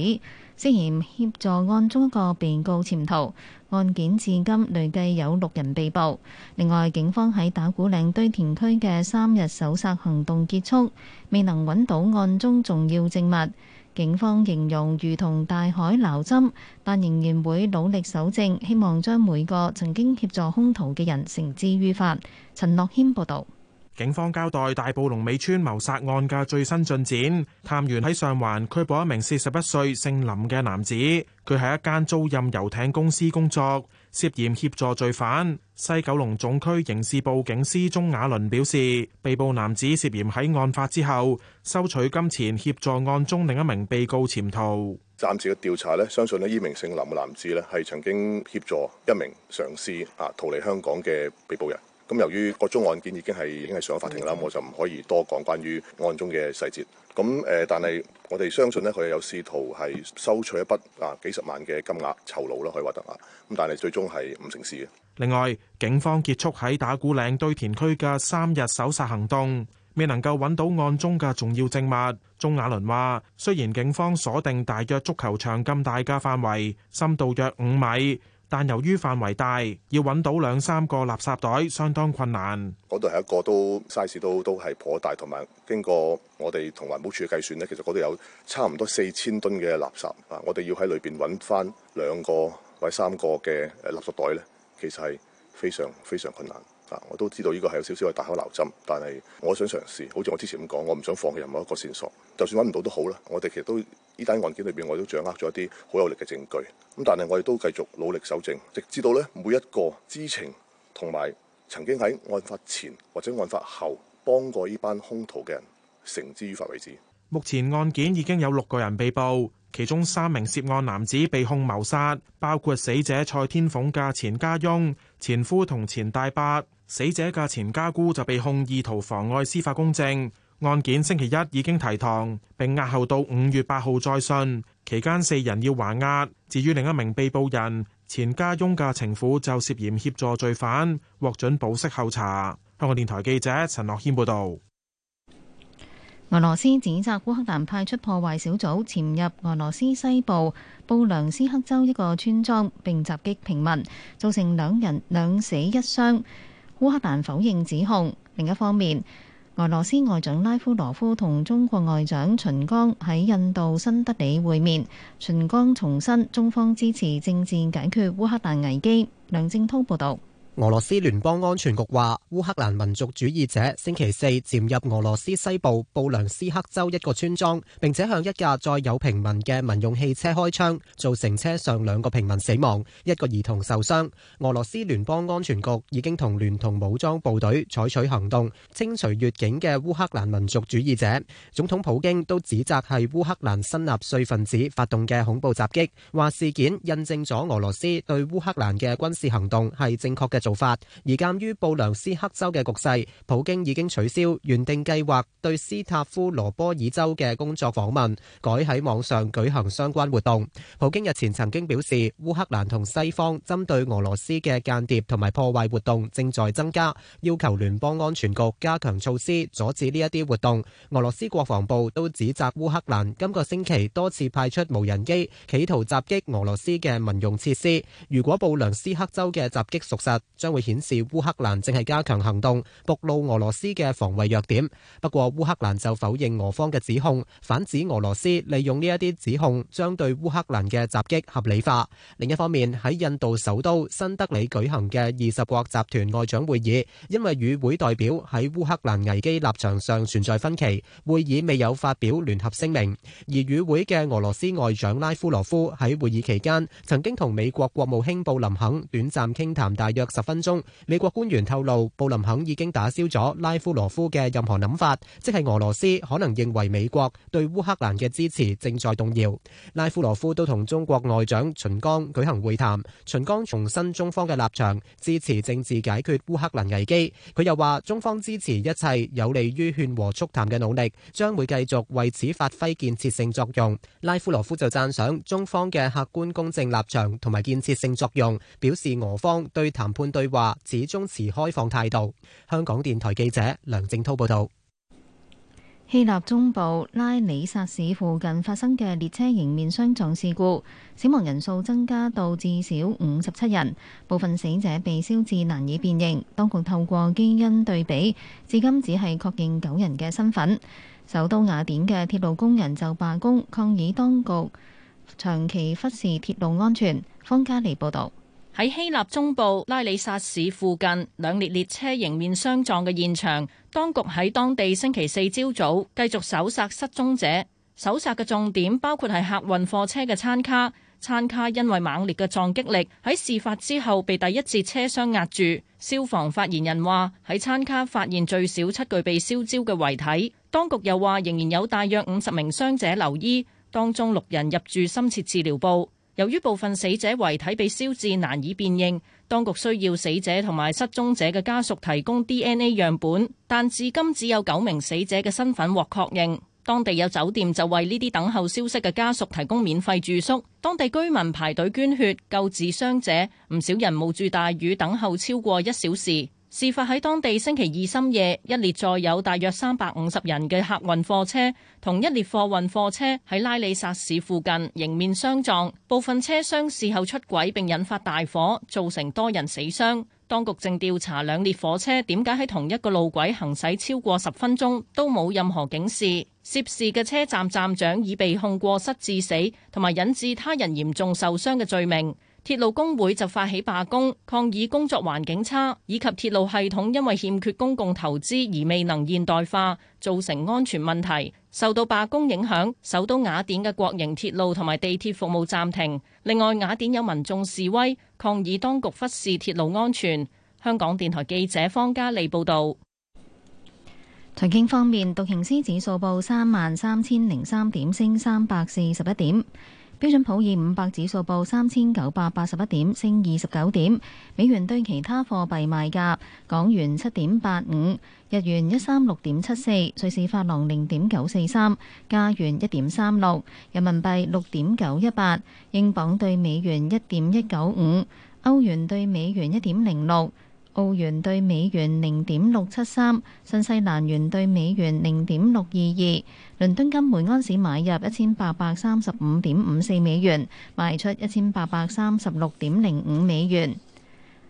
涉嫌協助案中一個被告潛逃。案件至今累計有六人被捕。另外，警方喺打鼓嶺堆填區嘅三日搜殺行動結束，未能揾到案中重要證物。警方形容如同大海撈針，但仍然會努力搜證，希望將每個曾經協助兇徒嘅人繩之於法。陳樂謙報道。警方交代大埔龍尾村謀殺案嘅最新進展，探員喺上環拘捕一名四十一歲姓林嘅男子，佢喺一間租賃遊艇公司工作。涉嫌協助罪犯。西九龍總區刑事部警司鍾雅倫表示，被捕男子涉嫌喺案發之後收取金錢，協助案中另一名被告潛逃。暫時嘅調查咧，相信呢呢名姓林嘅男子咧，係曾經協助一名嘗試啊逃離香港嘅被捕人。咁由於嗰宗案件已經係已經係上咗法庭啦，我就唔可以多講關於案中嘅細節。咁誒，但係我哋相信呢，佢有試圖係收取一筆啊幾十萬嘅金額酬勞啦，可以話得啊。咁但係最終係唔成事嘅。另外，警方結束喺打鼓嶺堆填區嘅三日搜索行動，未能夠揾到案中嘅重要證物。鍾雅倫話：雖然警方鎖定大約足球場咁大嘅範圍，深度約五米。但由於範圍大，要揾到兩三個垃圾袋相當困難。嗰度係一個都 size 都都係頗大，同埋經過我哋同環保署嘅計算咧，其實嗰度有差唔多四千噸嘅垃圾啊！我哋要喺裏邊揾翻兩個或者三個嘅誒垃圾袋咧，其實係非常非常困難。啊、我都知道呢個係有少少嘅大口撈針，但係我想嘗試，好似我之前咁講，我唔想放棄任何一個線索，就算揾唔到都好啦。我哋其實都呢單案件裏邊，我都掌握咗一啲好有力嘅證據。咁但係我哋都繼續努力搜證，直至到呢，每一個知情同埋曾經喺案發前或者案發後幫過呢班兇徒嘅人，繩之於法為止。目前案件已經有六個人被捕。其中三名涉案男子被控謀殺，包括死者蔡天鳳嘅前家翁、前夫同前大伯；死者嘅前家姑就被控意圖妨礙司法公正。案件星期一已經提堂，並押後到五月八號再訊，期間四人要還押。至於另一名被捕人前家翁嘅情婦就涉嫌協助罪犯，獲准保釋候查。香港電台記者陳樂謙報道。俄羅斯指責烏克蘭派出破壞小組潛入俄羅斯西部布良斯克州一個村莊，並襲擊平民，造成兩人兩死一傷。烏克蘭否認指控。另一方面，俄羅斯外長拉夫羅夫同中國外長秦剛喺印度新德里會面，秦剛重申中方支持政治解決烏克蘭危機。梁正通報道。俄羅斯聯邦安全局話，烏克蘭民族主義者星期四潛入俄羅斯西部布良斯克州一個村莊，並且向一架載有平民嘅民用汽車開槍，造成車上兩個平民死亡，一個兒童受傷。俄羅斯聯邦安全局已經同聯同武裝部隊採取行動，清除越境嘅烏克蘭民族主義者。總統普京都指責係烏克蘭新納粹分子發動嘅恐怖襲擊，話事件印證咗俄羅斯對烏克蘭嘅軍事行動係正確嘅。做法。而鑒於布良斯克州嘅局勢，普京已經取消原定計劃對斯塔夫羅波爾州嘅工作訪問，改喺網上舉行相關活動。普京日前曾經表示，烏克蘭同西方針對俄羅斯嘅間諜同埋破壞活動正在增加，要求聯邦安全局加強措施，阻止呢一啲活動。俄羅斯國防部都指責烏克蘭今個星期多次派出無人機企圖襲擊俄羅斯嘅民用設施。如果布良斯克州嘅襲擊屬實，將會顯示烏克蘭正係加強行動，暴露俄羅斯嘅防衛弱點。不過烏克蘭就否認俄方嘅指控，反指俄羅斯利用呢一啲指控，將對烏克蘭嘅襲擊合理化。另一方面，喺印度首都新德里舉行嘅二十國集團外長會議，因為與會代表喺烏克蘭危機立場上存在分歧，會議未有發表聯合聲明。而與會嘅俄羅斯外長拉夫羅夫喺會議期間，曾經同美國國務卿布林肯短暫傾談，大約十。分鐘，美國官員透露，布林肯已經打消咗拉夫羅夫嘅任何諗法，即係俄羅斯可能認為美國對烏克蘭嘅支持正在動搖。拉夫羅夫都同中國外長秦剛舉行會談，秦剛重申中方嘅立場，支持政治解決烏克蘭危機。佢又話，中方支持一切有利於勸和促談嘅努力，將會繼續為此發揮建設性作用。拉夫羅夫就讚賞中方嘅客觀公正立場同埋建設性作用，表示俄方對談判。對話始終持開放態度。香港電台記者梁正滔報導，希臘中部拉里薩市附近發生嘅列車迎面相撞事故，死亡人數增加到至，至少五十七人，部分死者被燒至難以辨認。當局透過基因對比，至今只係確認九人嘅身份。首都雅典嘅鐵路工人就罷工抗議，當局長期忽視鐵路安全。方嘉利報導。喺希臘中部拉里薩市附近，兩列列車迎面相撞嘅現場，當局喺當地星期四朝早繼續搜索失蹤者。搜索嘅重點包括係客運貨車嘅餐卡，餐卡因為猛烈嘅撞擊力喺事發之後被第一節車廂壓，壓住。消防發言人話喺餐卡發現最少七具被燒焦嘅遺體。當局又話仍然有大約五十名傷者留醫，當中六人入住深切治療部。由於部分死者遺體被燒至難以辨認，當局需要死者同埋失蹤者嘅家屬提供 DNA 樣本，但至今只有九名死者嘅身份獲確認。當地有酒店就為呢啲等候消息嘅家屬提供免費住宿。當地居民排隊捐血救治傷者，唔少人冒住大雨等候超過一小時。事發喺當地星期二深夜，一列載有大約三百五十人嘅客運貨車同一列貨運貨車喺拉里薩市附近迎面相撞，部分車廂事後出軌並引發大火，造成多人死傷。當局正調查兩列火車點解喺同一個路軌行駛超過十分鐘都冇任何警示。涉事嘅車站站長已被控過失致死同埋引致他人嚴重受傷嘅罪名。鐵路工會就發起罷工，抗議工作環境差，以及鐵路系統因為欠缺公共投資而未能現代化，造成安全問題。受到罷工影響，首都雅典嘅國營鐵路同埋地鐵服務暫停。另外，雅典有民眾示威，抗議當局忽視鐵路安全。香港電台記者方嘉莉報導。財經方面，道瓊斯指數報三萬三千零三點，升三百四十一點。標準普爾五百指數報三千九百八十一點，升二十九點。美元對其他貨幣賣價：港元七點八五，日元一三六點七四，瑞士法郎零點九四三，加元一點三六，人民幣六點九一八，英鎊對美元一點一九五，歐元對美元一點零六。澳元兌美元零點六七三，新西蘭元兌美元零點六二二，倫敦金每安士買入一千八百三十五點五四美元，賣出一千八百三十六點零五美元。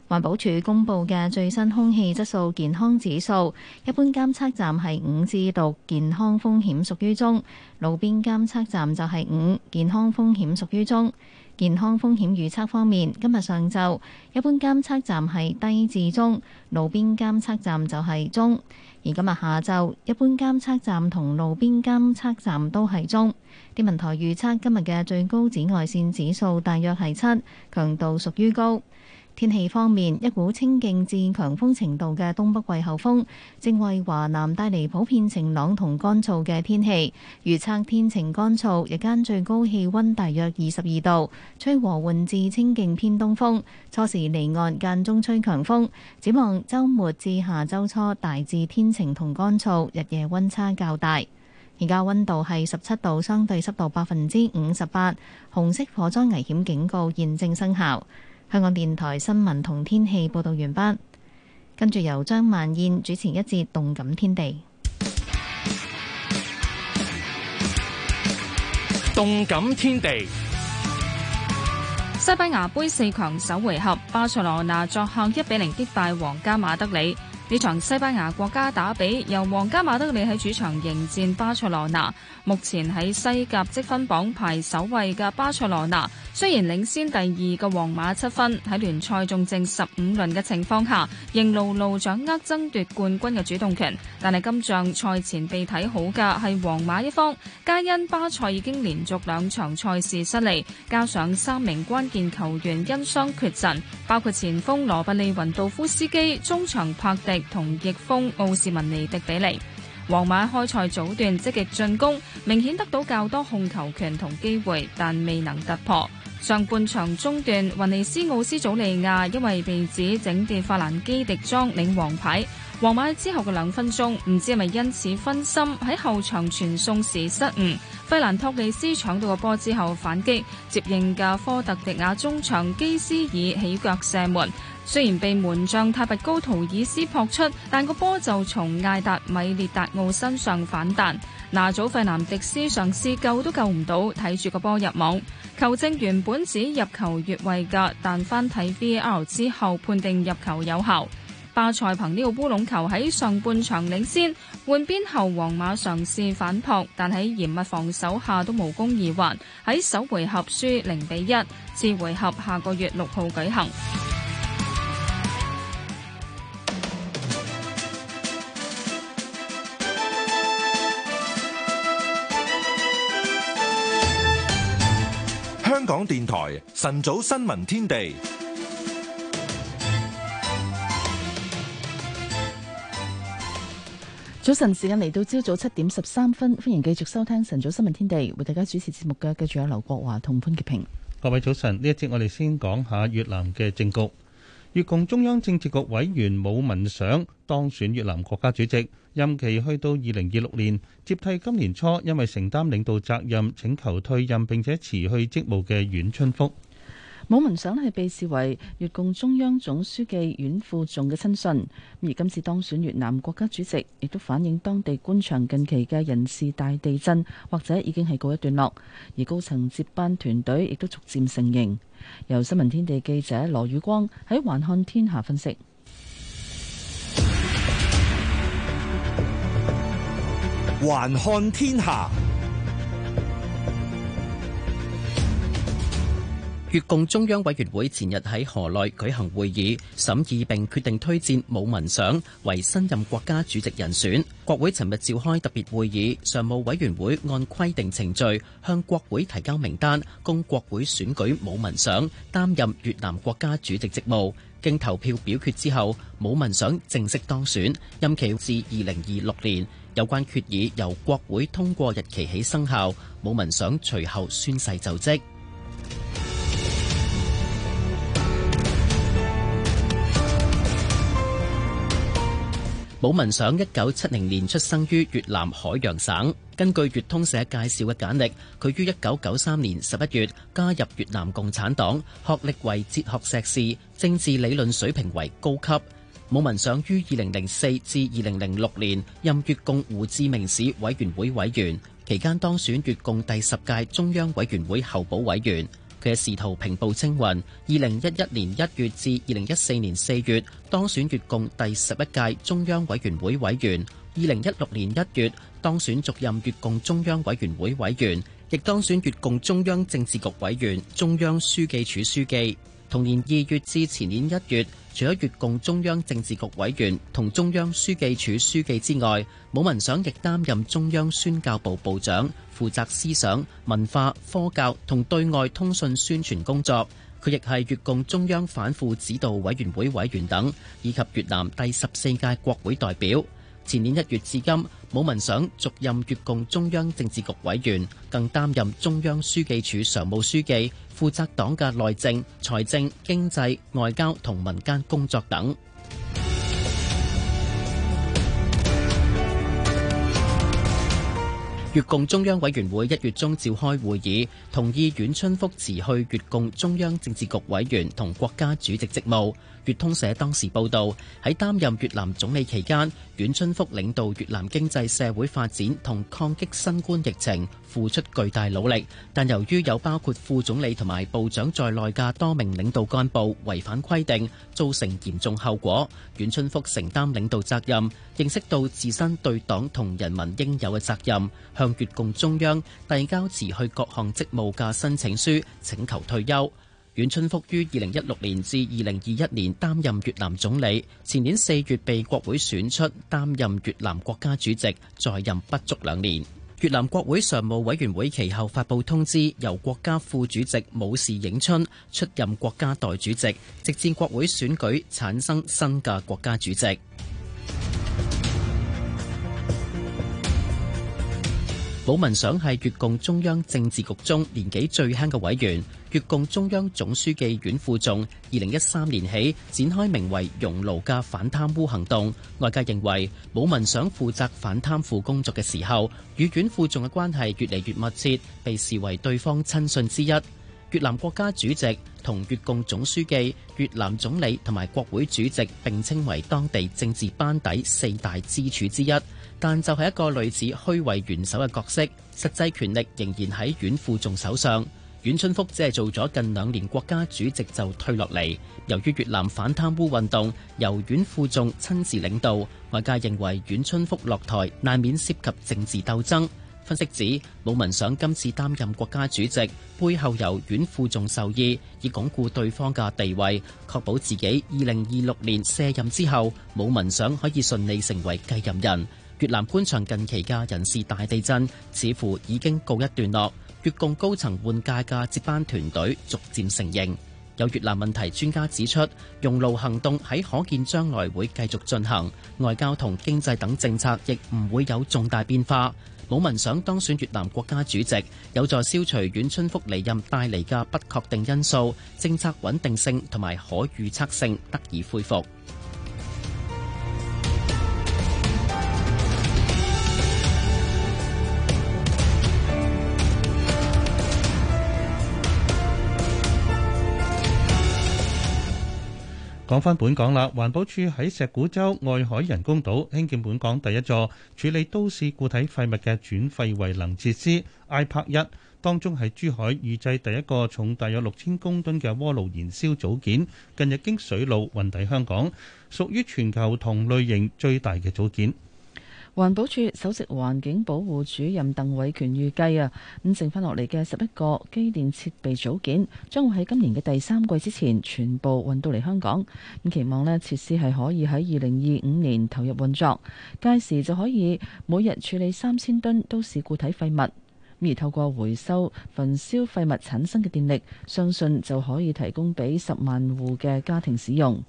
環保署公布嘅最新空氣質素健康指數，一般監測站係五至六，6, 健康風險屬於中；路邊監測站就係五，健康風險屬於中。健康風險預測方面，今日上晝一般監測站係低至中，路邊監測站就係中。而今日下晝一般監測站同路邊監測站都係中。預測天文台預測今日嘅最高紫外線指數大約係七，強度屬於高。天氣方面，一股清勁至強風程度嘅東北季候風，正為華南帶嚟普遍晴朗同乾燥嘅天氣。預測天晴乾燥，日間最高氣温大約二十二度，吹和緩至清勁偏東風。初時離岸間中吹強風，展望周末至下周初大致天晴同乾燥，日夜温差較大。而家温度係十七度，相對濕度百分之五十八，紅色火災危險警告現正生效。香港電台新聞同天氣報道完畢，跟住由張萬燕主持一節《動感天地》。《動感天地》西班牙杯四強首回合，巴塞羅那作客一比零擊敗皇家馬德里。呢場西班牙國家打比，由皇家馬德里喺主場迎戰巴塞羅那。目前喺西甲積分榜排首位嘅巴塞羅那，雖然領先第二個皇馬七分，喺聯賽仲剩十五輪嘅情況下，仍牢牢掌握掌奪爭奪冠軍嘅主動權。但係今仗賽前被睇好嘅係皇馬一方，皆因巴塞已經連續兩場賽事失利，加上三名關鍵球員因傷缺陣，包括前鋒羅伯利、雲杜夫斯基、中場帕蒂。同逆風奧斯文尼迪比利皇馬開賽早段積極進攻，明顯得到較多控球權同機會，但未能突破。上半場中段，雲尼斯奧斯祖利亞因為被指整跌法蘭基迪，裝領黃牌。皇馬之後嘅兩分鐘，唔知係咪因此分心喺後場傳送時失誤。費蘭托利斯搶到個波之後反擊，接應嘅科特迪亞中場基斯爾起腳射門，雖然被門將泰拔高圖爾斯撲出，但個波就從艾達米列達奧身上反彈。拿祖費南迪斯嘗試救都救唔到，睇住個波入網。球證原本指入球越位嘅，但翻睇 VAR 之後判定入球有效。巴塞憑呢個烏龍球喺上半場領先，換邊後皇馬嘗試反撲，但喺嚴密防守下都無功而還。喺首回合輸零比一，次回合下個月六號舉行。香港電台晨早新聞天地。早晨，時間嚟到朝早七點十三分，歡迎繼續收聽晨早新聞天地，為大家主持節目嘅繼續有劉國華同潘潔平。各位早晨，呢一節我哋先講下越南嘅政局。越共中央政治局委員武文賞當選越南國家主席，任期去到二零二六年，接替今年初因為承擔領導責任請求退任並且辭去職務嘅阮春福。武文賞係被視為越共中央總書記阮富仲嘅親信，而今次當選越南國家主席，亦都反映當地官場近期嘅人事大地震，或者已經係告一段落，而高層接班團隊亦都逐漸成形。由新聞天地記者羅宇光喺《環看天下》分析，《環看天下》。越共中央委員會前日喺河內舉行會議，審議並決定推薦武文想為新任國家主席人選，國會尋日召開特別會議，常務委員會按規定程序向國會提交名單，供國會選舉武文想擔任越南國家主席職務。經投票表決之後，武文想正式當選，任期至二零二六年。有關決議由國會通過日期起生效。武文想隨後宣誓就職武文想一九七零年出生於越南海洋省。根據越通社介紹嘅簡歷，佢於一九九三年十一月加入越南共產黨，學歷為哲學碩士，政治理論水平為高級。武文想於二零零四至二零零六年任越共胡志明市委員會委員，期間當選越共第十屆中央委員會候補委員。佢嘅仕途平步青雲，二零一一年一月至二零一四年四月，當選越共第十一屆中央委員會委員，二零一六年一月，當選續任越共中央委員會委員，亦當選越共中央政治局委員、中央書記處書記，同年二月至前年一月，除咗越共中央政治局委員同中央書記處書記之外，武文想亦擔任中央宣教部部長。負責思想、文化、科教同對外通訊宣傳工作，佢亦係越共中央反腐指導委員會委員等，以及越南第十四屆國會代表。前年一月至今，武文想續任越共中央政治局委員，更擔任中央書記處常務書記，負責黨嘅內政、財政、經濟、外交同民間工作等。越共中央委員會一月中召開會議，同意阮春福辭去越共中央政治局委員同國家主席職務。越通社當時報道，喺擔任越南總理期間，阮春福領導越南經濟社會發展同抗擊新冠疫情付出巨大努力，但由於有包括副總理同埋部長在內嘅多名領導幹部違反規定，造成嚴重後果，阮春福承擔領導責任，認識到自身對黨同人民應有嘅責任，向越共中央遞交辭去各項職務嘅申請書，請求退休。阮春福於二零一六年至二零二一年擔任越南總理，前年四月被國會選出擔任越南國家主席，在任不足兩年。越南國會常務委員會其後發布通知，由國家副主席武氏映春出任國家代主席，直至國會選舉產生新嘅國家主席。武文想係越共中央政治局中年紀最輕嘅委員，越共中央總書記阮富仲二零一三年起展開名為“熔爐”嘅反貪污行動，外界認為武文想負責反貪腐工作嘅時候，與阮富仲嘅關係越嚟越密切，被視為對方親信之一。越南國家主席同越共總書記、越南總理同埋國會主席並稱為當地政治班底四大支柱之一。但就係一個類似虛位元首嘅角色，實際權力仍然喺阮富仲手上。阮春福只係做咗近兩年國家主席就退落嚟。由於越南反貪污運動由阮富仲親自領導，外界認為阮春福落台難免涉及政治鬥爭，分析指，武文賞今次擔任國家主席，背後由阮富仲授意，以鞏固對方嘅地位，確保自己二零二六年卸任之後武文賞可以順利成為繼任人。越南官場近期嘅人事大地震似乎已經告一段落，越共高層換屆嘅接班團隊逐漸成形。有越南問題專家指出，熔爐行動喺可見將來會繼續進行，外交同經濟等政策亦唔會有重大變化。武文賞當選越南國家主席，有助消除阮春福離任帶嚟嘅不確定因素，政策穩定性同埋可預測性得以恢復。講返本港啦，環保署喺石鼓洲外海人工島興建本港第一座處理都市固體廢物嘅轉廢為能設施 i p a d 一，當中係珠海預製第一個重大約六千公噸嘅鍋爐燃燒組件，近日經水路運抵香港，屬於全球同類型最大嘅組件。環保署首席環境保護主任鄧偉權預計啊，咁剩翻落嚟嘅十一個機電設備組件將會喺今年嘅第三季之前全部運到嚟香港。咁期望呢設施係可以喺二零二五年投入運作，屆時就可以每日處理三千噸都市固體廢物。咁而透過回收焚燒廢物產生嘅電力，相信就可以提供畀十萬戶嘅家庭使用。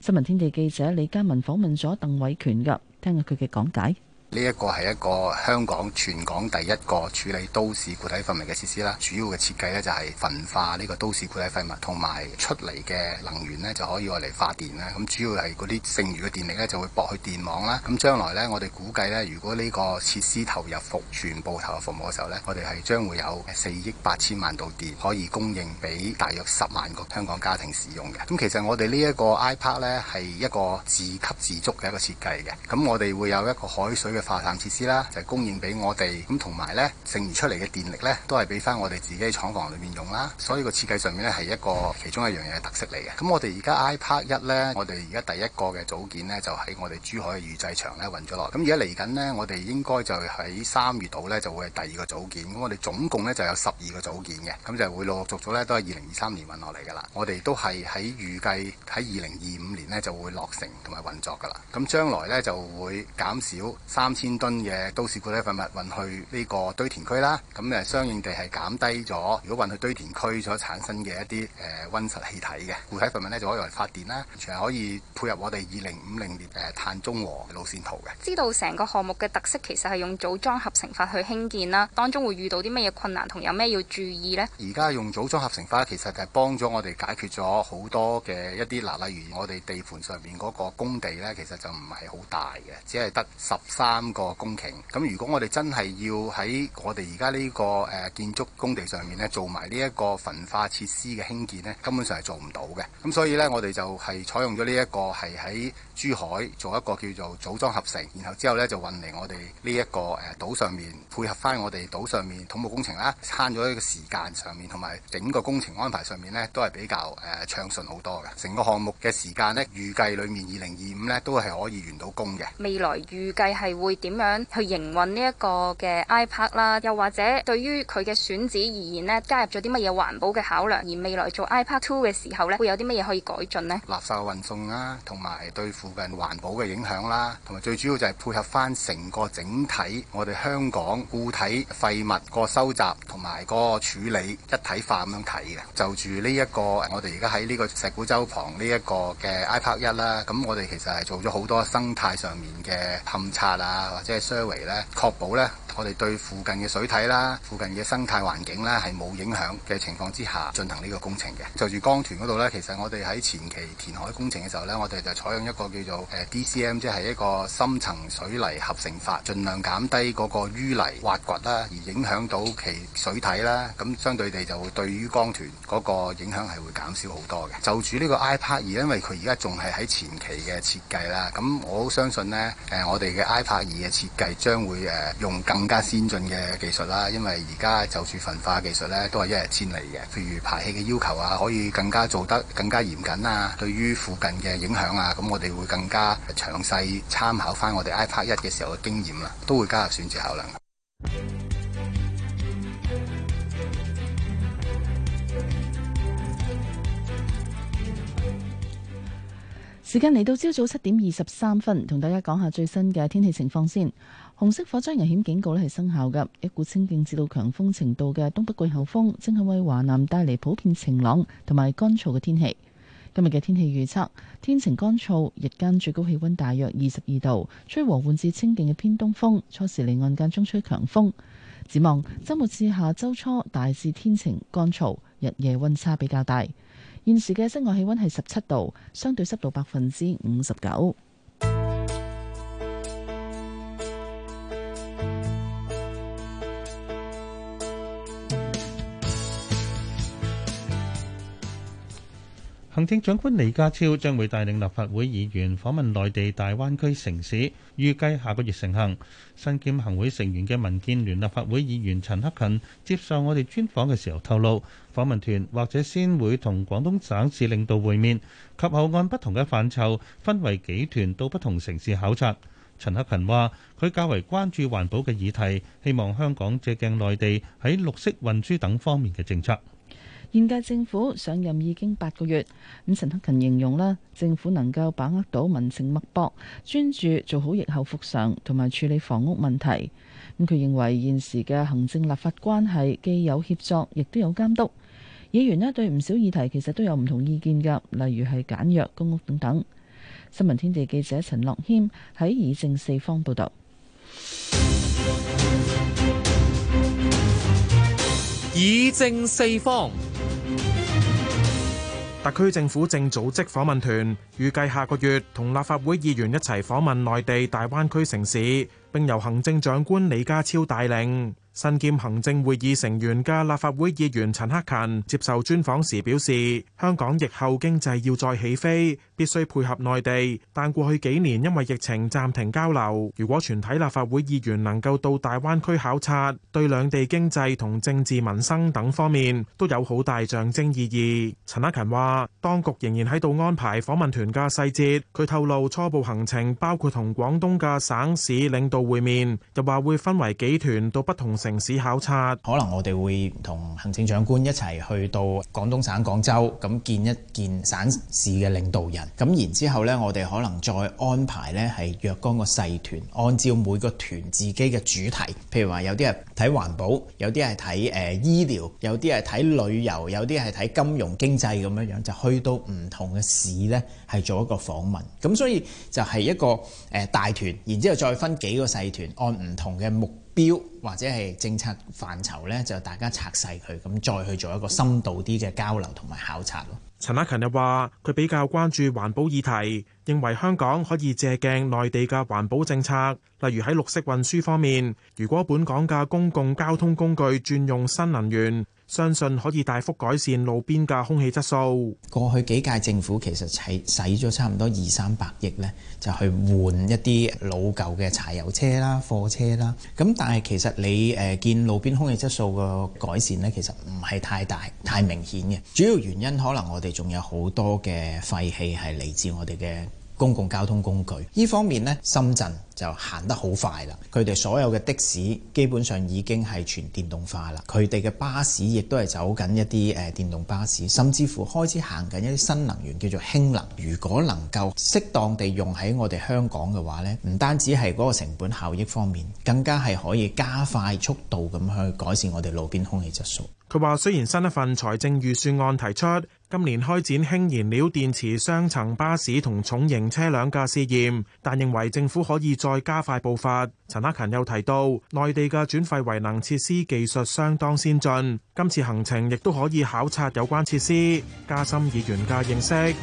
新聞天地記者李嘉文訪問咗鄧偉權㗎，聽下佢嘅講解。呢一個係一個香港全港第一個處理都市固體廢物嘅設施啦，主要嘅設計咧就係焚化呢個都市固體廢物，同埋出嚟嘅能源咧就可以用嚟發電啦。咁主要係啲剩餘嘅電力咧就會駁去電網啦。咁將來咧我哋估計咧，如果呢個設施投入服全部投入服務嘅時候咧，我哋係將會有四億八千萬度電可以供應俾大約十萬個香港家庭使用嘅。咁其實我哋呢一個 ipad 咧係一個自給自足嘅一個設計嘅，咁我哋會有一個海水嘅。化碳設施啦，就係供應俾我哋咁，同埋呢，剩餘出嚟嘅電力呢，都係俾翻我哋自己廠房裏面用啦。所以個設計上面呢，係一個其中一樣嘢嘅特色嚟嘅。咁我哋而家 i p a d 一呢，我哋而家第一個嘅組件呢，就喺我哋珠海嘅預製場呢運咗落。咁而家嚟緊呢，我哋應該就喺三月度呢，就會係第二個組件。咁我哋總共呢，就有十二個組件嘅，咁就係會陸陸續續呢都係二零二三年運落嚟㗎喇。我哋都係喺預計喺二零二五年呢，就會落成同埋運作㗎喇。咁將來呢，就會減少三千噸嘅都市固體廢物運去呢個堆填區啦，咁誒相應地係減低咗。如果運去堆填區所產生嘅一啲誒溫室氣體嘅固體廢物咧，就可以用嚟發電啦，仲係可以配合我哋二零五零年誒碳中和路線圖嘅。知道成個項目嘅特色，其實係用組裝合成法去興建啦。當中會遇到啲咩嘢困難，同有咩要注意呢？而家用組裝合成法，其實係幫咗我哋解決咗好多嘅一啲嗱、呃，例如我哋地盤上面嗰個工地咧，其實就唔係好大嘅，只係得十三。個工程咁，如果我哋真係要喺我哋而家呢個誒建築工地上面咧，做埋呢一個焚化設施嘅興建，呢根本上係做唔到嘅。咁所以呢，我哋就係採用咗呢一個係喺珠海做一個叫做組裝合成，然後之後呢，就運嚟我哋呢一個誒島上面配合翻我哋島上面土木工程啦，慳咗一個時間上面同埋整個工程安排上面呢，都係比較誒暢順好多嘅。成個項目嘅時間呢，預計裡面二零二五呢，都係可以完到工嘅。未來預計係會。會點樣去營運呢一個嘅 ipad 啦？又或者對於佢嘅選址而言咧，加入咗啲乜嘢環保嘅考量？而未來做 ipad two 嘅時候咧，會有啲乜嘢可以改進呢？垃圾運送啦，同埋對附近環保嘅影響啦，同埋最主要就係配合翻成個整體我哋香港固體廢物個收集同埋個處理一體化咁樣睇嘅。就住呢、這、一個我哋而家喺呢個石鼓洲旁呢一個嘅 ipad 一啦，咁我哋其實係做咗好多生態上面嘅勘察啊。啊，或者係 survey 咧，確保咧，我哋對附近嘅水體啦、附近嘅生態環境咧係冇影響嘅情況之下進行呢個工程嘅。就住江豚嗰度咧，其實我哋喺前期填海工程嘅時候咧，我哋就採用一個叫做誒 DCM，即係一個深層水泥合成法，盡量減低嗰個淤泥挖掘啦，而影響到其水體啦。咁相對地就會對於江豚嗰個影響係會減少好多嘅。就住呢個 iPad 而因為佢而家仲係喺前期嘅設計啦，咁我好相信咧，誒我哋嘅 iPad 二嘅設計將會誒用更加先進嘅技術啦，因為而家就算焚化技術咧都係一日千里嘅，譬如排氣嘅要求啊，可以更加做得更加嚴謹啊，對於附近嘅影響啊，咁我哋會更加詳細參考翻我哋 iPad 1嘅時候嘅經驗啦，都會加入選擇考量。時間嚟到朝早七點二十三分，同大家講下最新嘅天氣情況先。紅色火災危險警告咧係生效嘅，一股清勁至到強風程度嘅東北季候風正係為華南帶嚟普遍晴朗同埋乾燥嘅天氣。今日嘅天氣預測：天晴乾燥，日間最高氣溫大約二十二度，吹和緩至清勁嘅偏東風，初時離岸間中吹強風。展望週末至下週初，大致天晴乾燥，日夜溫差比較大。現時嘅室外氣溫係十七度，相對濕度百分之五十九。行政長官李家超將會帶領立法會議員訪問內地大灣區城市，預計下個月成行。身兼行會成員嘅民建聯立法會議員陳克勤接受我哋專訪嘅時候透露，訪問團或者先會同廣東省市領導會面，及後按不同嘅範疇，分為幾團到不同城市考察。陳克勤話：佢較為關注環保嘅議題，希望香港借鏡內地喺綠色運輸等方面嘅政策。現屆政府上任已經八個月，咁陳克勤形容咧，政府能夠把握到民情脈搏，專注做好疫後復常同埋處理房屋問題。咁佢認為現時嘅行政立法關係既有協作，亦都有監督。議員咧對唔少議題其實都有唔同意見嘅，例如係簡約公屋等等。新聞天地記者陳樂謙喺議政四方報導。議政四方。特區政府正組織訪問團，預計下個月同立法會議員一齊訪問內地大灣區城市，並由行政長官李家超帶領。身兼行政會議成員嘅立法會議員陳克勤接受專訪時表示，香港疫後經濟要再起飛必須配合內地。但過去幾年因為疫情暫停交流，如果全體立法會議員能夠到大灣區考察，對兩地經濟同政治民生等方面都有好大象徵意義，陳克勤話當局仍然喺度安排訪問團嘅細節，佢透露初步行程包括同廣東嘅省市領導會面，又話會分為幾團到不同。城市考察，可能我哋會同行政長官一齊去到廣東省廣州，咁見一見省市嘅領導人。咁然之後咧，我哋可能再安排咧，係若干個細團，按照每個團自己嘅主題，譬如話有啲係睇環保，有啲係睇誒醫療，有啲係睇旅遊，有啲係睇金融經濟咁樣樣，就去到唔同嘅市咧，係做一個訪問，咁所以就係一個誒大團，然之後再分幾個細團按唔同嘅目。標或者係政策範疇咧，就大家拆細佢，咁再去做一個深度啲嘅交流同埋考察咯。陳克勤又話，佢比較關注環保議題，認為香港可以借鏡內地嘅環保政策，例如喺綠色運輸方面，如果本港嘅公共交通工具轉用新能源，相信可以大幅改善路邊嘅空氣質素。過去幾屆政府其實使咗差唔多二三百億呢，就去換一啲老舊嘅柴油車啦、貨車啦。咁但係其實你誒見路邊空氣質素個改善呢，其實唔係太大、太明顯嘅。主要原因可能我哋仲有好多嘅廢氣係嚟自我哋嘅。公共交通工具呢方面呢，深圳就行得好快啦。佢哋所有嘅的，的士基本上已經係全電動化啦。佢哋嘅巴士亦都係走緊一啲誒電動巴士，甚至乎開始行緊一啲新能源叫做氫能。如果能夠適當地用喺我哋香港嘅話，呢唔單止係嗰個成本效益方面，更加係可以加快速度咁去改善我哋路邊空氣質素。佢話雖然新一份財政預算案提出。今年開展氫燃料電池雙層巴士同重型車輛嘅試驗，但認為政府可以再加快步伐。陳克勤又提到，內地嘅轉廢為能設施技術相當先進，今次行程亦都可以考察有關設施，加深議員嘅認識。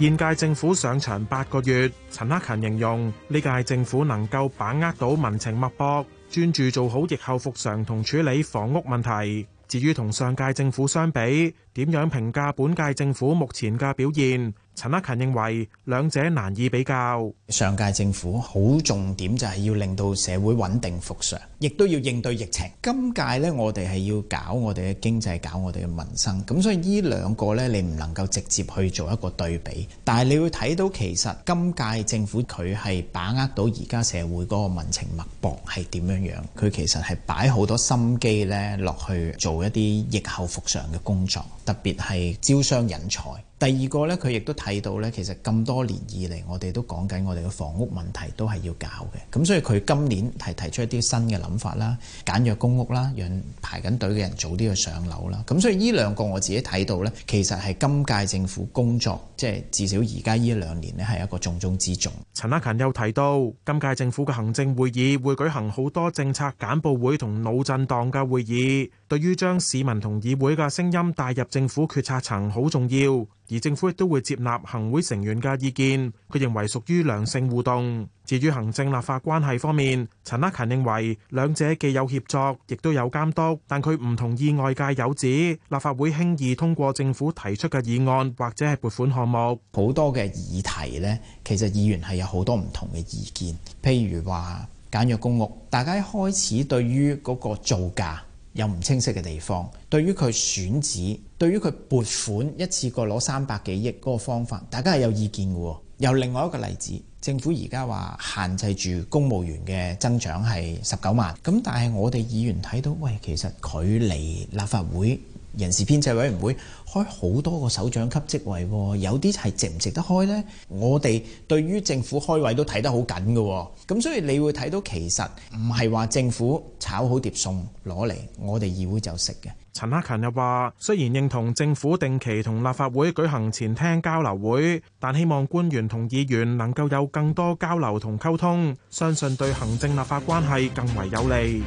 現屆政府上場八個月，陳克勤形容呢屆政府能夠把握到民情脈搏。專注做好疫後復常同處理房屋問題。至於同上屆政府相比，點樣評價本屆政府目前嘅表現？陳克勤認為兩者難以比較。上屆政府好重點就係要令到社會穩定復常。亦都要應對疫情，今屆呢，我哋係要搞我哋嘅經濟，搞我哋嘅民生，咁所以呢兩個咧，你唔能夠直接去做一個對比，但係你會睇到其實今屆政府佢係把握到而家社會嗰個民情脈搏係點樣樣，佢其實係擺好多心機咧落去做一啲疫後復常嘅工作，特別係招商引才。第二個咧，佢亦都睇到咧，其實咁多年以嚟，我哋都講緊我哋嘅房屋問題都係要搞嘅，咁所以佢今年提提出一啲新嘅諗法啦，簡約公屋啦，讓排緊隊嘅人早啲去上樓啦。咁所以呢兩個我自己睇到呢，其實係今屆政府工作，即係至少而家呢兩年呢，係一個重中之重。陳克勤又提到，今屆政府嘅行政會議會舉行好多政策簡報會同腦震盪嘅會議。對於將市民同議會嘅聲音帶入政府決策層好重要，而政府亦都會接納行會成員嘅意見。佢認為屬於良性互動。至於行政立法關係方面，陳克勤認為兩者既有協作，亦都有監督，但佢唔同意外界有指立法會輕易通過政府提出嘅議案或者係撥款項目。好多嘅議題呢，其實議員係有好多唔同嘅意見，譬如話簡約公屋，大家開始對於嗰個造價。有唔清晰嘅地方，對於佢選址，對於佢撥款一次過攞三百幾億嗰個方法，大家係有意見嘅。有另外一個例子，政府而家話限制住公務員嘅增長係十九萬，咁但係我哋議員睇到，喂，其實距離立法會人事編制委員會開好多個首長級職位，有啲係值唔值得開呢？我哋對於政府開位都睇得好緊嘅，咁所以你會睇到其實唔係話政府炒好碟餸攞嚟，我哋議會就食嘅。陳克勤又話：雖然認同政府定期同立法會舉行前廳交流會，但希望官員同議員能夠有更多交流同溝通，相信對行政立法關係更為有利。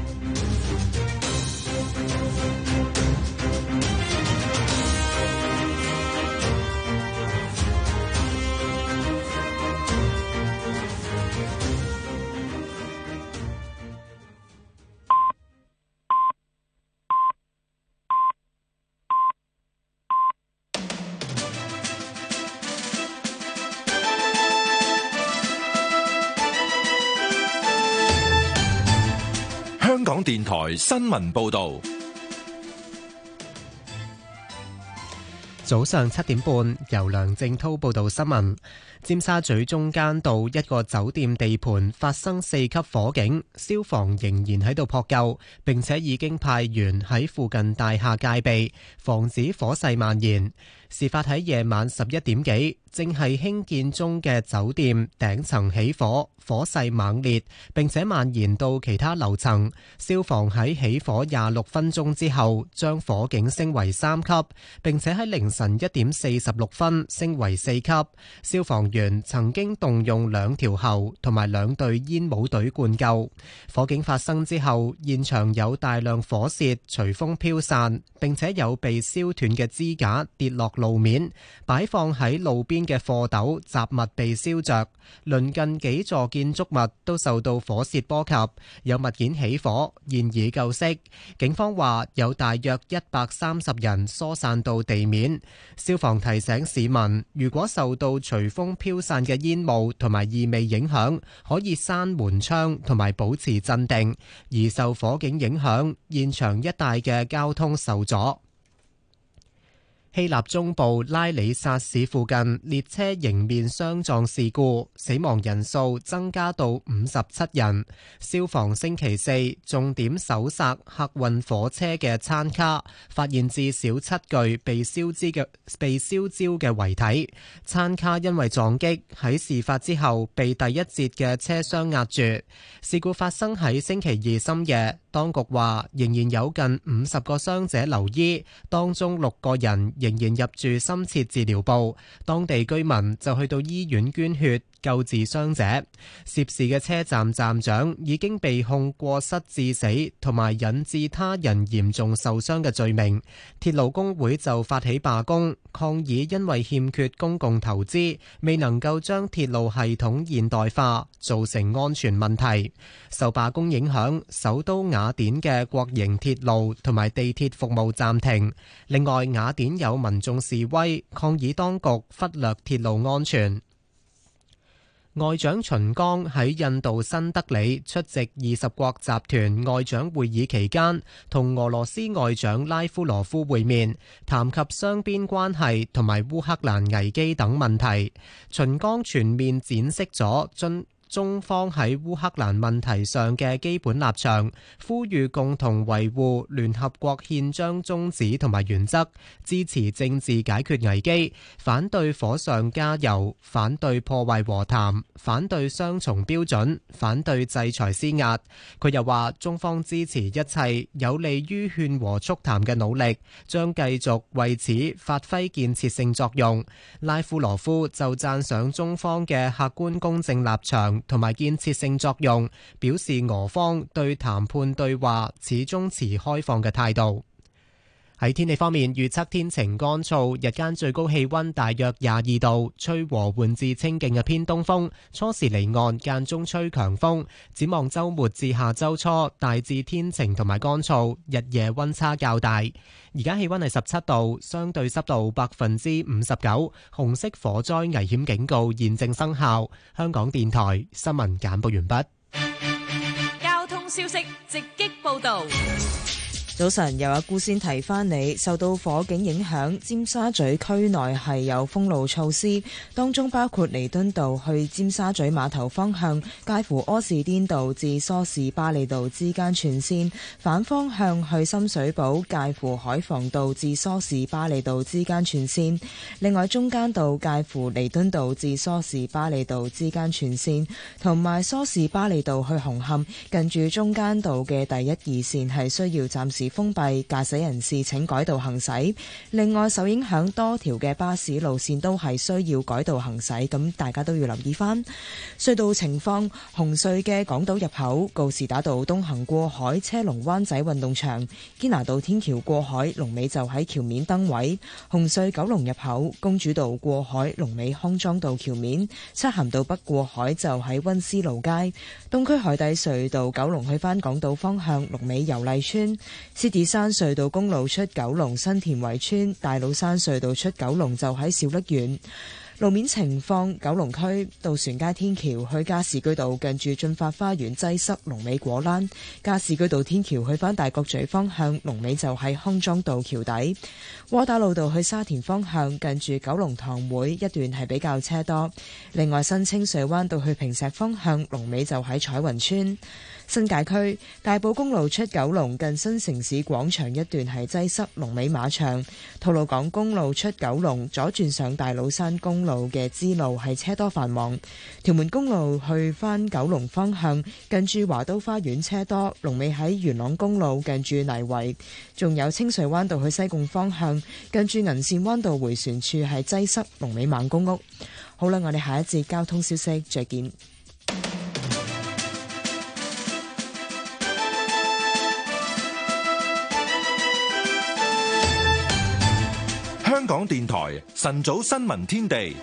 電台新聞報道：早上七點半，由梁正濤報道新聞。尖沙咀中間道一個酒店地盤發生四級火警，消防仍然喺度撲救，並且已經派員喺附近大廈戒備，防止火勢蔓延。事發喺夜晚十一點幾，正係興建中嘅酒店頂層起火，火勢猛烈並且蔓延到其他樓層。消防喺起火廿六分鐘之後將火警升為三級，並且喺凌晨一點四十六分升為四級。消防員曾經動用兩條喉同埋兩隊煙帽隊灌救。火警發生之後，現場有大量火舌隨風飄散，並且有被燒斷嘅支架跌落路面，擺放喺路邊嘅貨斗雜物被燒著，鄰近幾座建築物都受到火舌波及，有物件起火，現已救熄，警方話有大約130人疏散到地面，消防提醒市民，如果受到隨風飄散嘅煙霧同埋異味影響，可以閂門窗同埋保持鎮定，而受火警影響現場一帶嘅交通受阻。希臘中部拉里薩市附近列車迎面相撞事故，死亡人數增加到五十七人。消防星期四重點搜索客運火車嘅餐卡，發現至少七具被燒焦嘅被燒焦嘅遺體。餐卡因為撞擊喺事發之後被第一節嘅車廂壓住。事故發生喺星期二深夜。當局話，仍然有近五十個傷者留醫，當中六個人仍然入住深切治療部，當地居民就去到醫院捐血。救治傷者，涉事嘅車站站長已經被控過失致死同埋引致他人嚴重受傷嘅罪名。鐵路工會就發起罷工，抗議因為欠缺公共投資，未能夠將鐵路系統現代化，造成安全問題。受罷工影響，首都雅典嘅國營鐵路同埋地鐵服務暫停。另外，雅典有民眾示威，抗議當局忽略鐵路安全。外長秦剛喺印度新德里出席二十國集團外長會議期間，同俄羅斯外長拉夫羅夫會面，談及雙邊關係同埋烏克蘭危機等問題。秦剛全面展示咗進中方喺烏克蘭問題上嘅基本立場，呼籲共同維護聯合國憲章宗旨同埋原則，支持政治解決危機，反對火上加油，反對破壞和談，反對雙重標準，反對制裁施壓。佢又話，中方支持一切有利於勸和促談嘅努力，將繼續為此發揮建設性作用。拉夫羅夫就贊賞中方嘅客觀公正立場。同埋建設性作用，表示俄方對談判對話始終持開放嘅態度。喺天氣方面，預測天晴乾燥，日間最高氣溫大約廿二度，吹和緩至清勁嘅偏東風，初時離岸，間中吹強風。展望周末至下周初，大致天晴同埋乾燥，日夜溫差較大。而家氣溫係十七度，相對濕度百分之五十九，紅色火災危險警告現正生效。香港電台新聞簡報完畢。交通消息直擊報道。早晨，又阿姑先提翻你，受到火警影響，尖沙咀區內係有封路措施，當中包括彌敦道去尖沙咀碼頭方向，介乎柯士甸道至梳士巴利道之間全線反方向去深水埗，介乎海防道至梳士巴利道之間全線。另外，中間，中間道介乎彌敦道至梳士巴利道之間全線，同埋梳士巴利道去紅磡近住中間道嘅第一二線係需要暫時封閉，駕駛人士，請改道行駛。另外，受影響多條嘅巴士路線都係需要改道行駛，咁大家都要留意翻。隧道情況：紅隧嘅港島入口告士打道東行過海，車龍灣仔運動場；堅拿道天橋過海，龍尾就喺橋面燈位。紅隧九龍入口公主道過海，龍尾康莊道橋面；漆咸道北過海就喺溫思勞街。東區海底隧道九龍去返港島方向，龍尾尤麗村。獅子山隧道公路出九龍新田圍村，大老山隧道出九龍就喺小瀝源。路面情況：九龍區渡船街天橋去加士居道近住駿發花園擠塞龍，龍尾果欄；加士居道天橋去返大角咀方向，龍尾就喺康莊道橋底。窩打老道去沙田方向近住九龍塘會一段係比較車多。另外，新清水灣道去坪石方向，龍尾就喺彩雲村。新界區大埔公路出九龍近新城市廣場一段係擠塞，龍尾馬場；吐露港公路出九龍左轉上大老山公路嘅支路係車多繁忙；屯門公路去翻九龍方向近住華都花園，車多，龍尾喺元朗公路近住泥圍；仲有清水灣道去西貢方向近住銀線灣道回旋處係擠塞，龍尾孟公屋。好啦，我哋下一節交通消息再見。香港電台晨早新聞天地，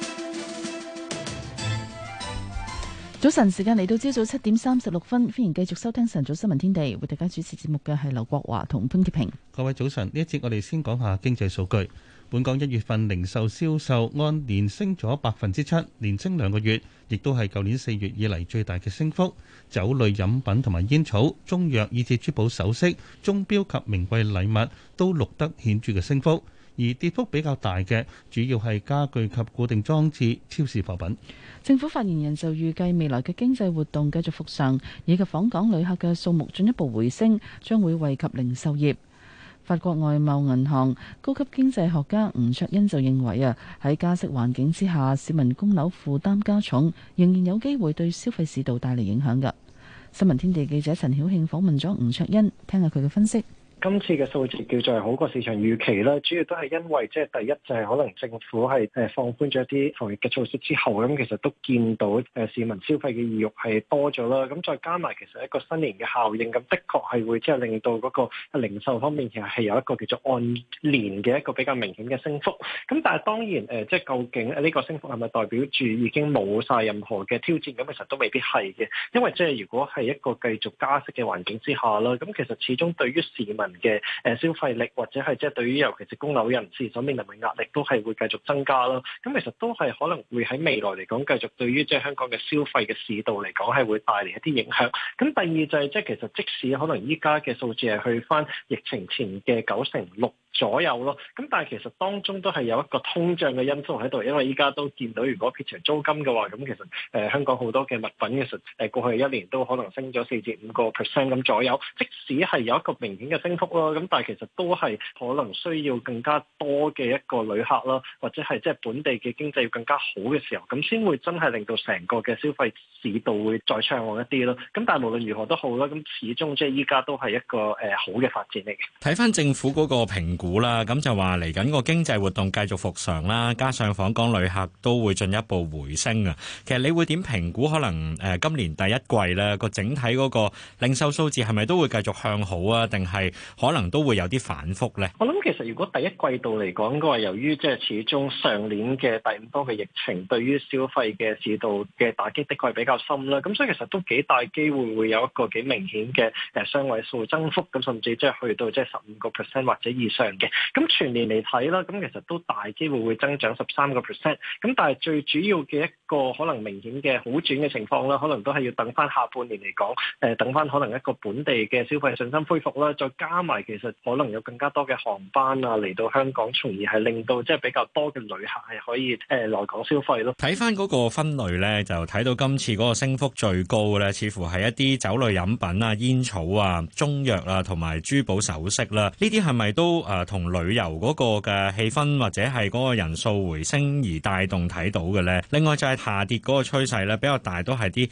早晨時間嚟到朝早七點三十六分，歡迎繼續收聽晨早新聞天地。為大家主持節目嘅係劉國華同潘潔平。各位早晨，呢一節我哋先講下經濟數據。本港一月份零售銷售按年升咗百分之七，連升兩個月，亦都係舊年四月以嚟，最大嘅升幅。酒類、飲品、同埋煙草、中藥以至珠寶首飾、鐘表及名貴禮物都錄得顯著嘅升幅。而跌幅比較大嘅，主要係家具及固定裝置、超市貨品。政府發言人就預計未來嘅經濟活動繼續復常，以及訪港旅客嘅數目進一步回升，將會惠及零售業。法國外貿銀行高級經濟學家吳卓恩就認為啊，喺加息環境之下，市民供樓負擔加重，仍然有機會對消費市道帶嚟影響嘅。新聞天地記者陳曉慶訪問咗吳卓恩，聽下佢嘅分析。今次嘅數字叫做好過市場預期啦，主要都係因為即係第一就係可能政府係誒放寬咗一啲防疫嘅措施之後，咁其實都見到誒市民消費嘅意欲係多咗啦。咁再加埋其實一個新年嘅效應，咁的確係會即係令到嗰個零售方面其實係有一個叫做按年嘅一個比較明顯嘅升幅。咁但係當然誒即係究竟呢個升幅係咪代表住已經冇晒任何嘅挑戰，咁，其實都未必係嘅，因為即係如果係一個繼續加息嘅環境之下啦，咁其實始終對於市民嘅誒消費力，或者係即係對於尤其是供樓人士所面臨嘅壓力，都係會繼續增加咯。咁其實都係可能會喺未來嚟講，繼續對於即係香港嘅消費嘅市道嚟講，係會帶嚟一啲影響。咁第二就係即係其實即使可能依家嘅數字係去返疫情前嘅九成六。左右咯，咁但係其實當中都係有一個通脹嘅因素喺度，因為依家都見到，如果撇除租金嘅話，咁其實誒、呃、香港好多嘅物品其實誒過去一年都可能升咗四至五個 percent 咁左右。即使係有一個明顯嘅升幅咯，咁但係其實都係可能需要更加多嘅一個旅客啦，或者係即係本地嘅經濟要更加好嘅時候，咁先會真係令到成個嘅消費市道會再暢旺一啲咯。咁但係無論如何都好啦，咁始終即係依家都係一個誒、呃、好嘅發展嚟嘅。睇翻政府嗰個評估啦，咁就話嚟緊個經濟活動繼續復常啦，加上訪港旅客都會進一步回升啊。其實你會點評估，可能誒今年第一季咧個整體嗰個零售數字係咪都會繼續向好啊？定係可能都會有啲反覆咧？我諗其實如果第一季度嚟講，應該係由於即係始終上年嘅第五波嘅疫情對於消費嘅市道嘅打擊的確係比較深啦。咁所以其實都幾大機會會有一個幾明顯嘅誒雙位數增幅，咁甚至即係去到即係十五個 percent 或者以上。嘅，咁全年嚟睇啦，咁其實都大機會會增長十三個 percent，咁但係最主要嘅一個可能明顯嘅好轉嘅情況啦，可能都係要等翻下半年嚟講，誒等翻可能一個本地嘅消費信心恢復啦，再加埋其實可能有更加多嘅航班啊嚟到香港，從而係令到即係比較多嘅旅客係可以誒來港消費咯。睇翻嗰個分類咧，就睇到今次嗰個升幅最高嘅咧，似乎係一啲酒類飲品啊、煙草啊、中藥啊同埋珠寶首飾啦，呢啲係咪都誒。呃同旅遊嗰個嘅氣氛或者係嗰個人數回升而帶動睇到嘅咧，另外就係下跌嗰個趨勢咧，比較大，都係啲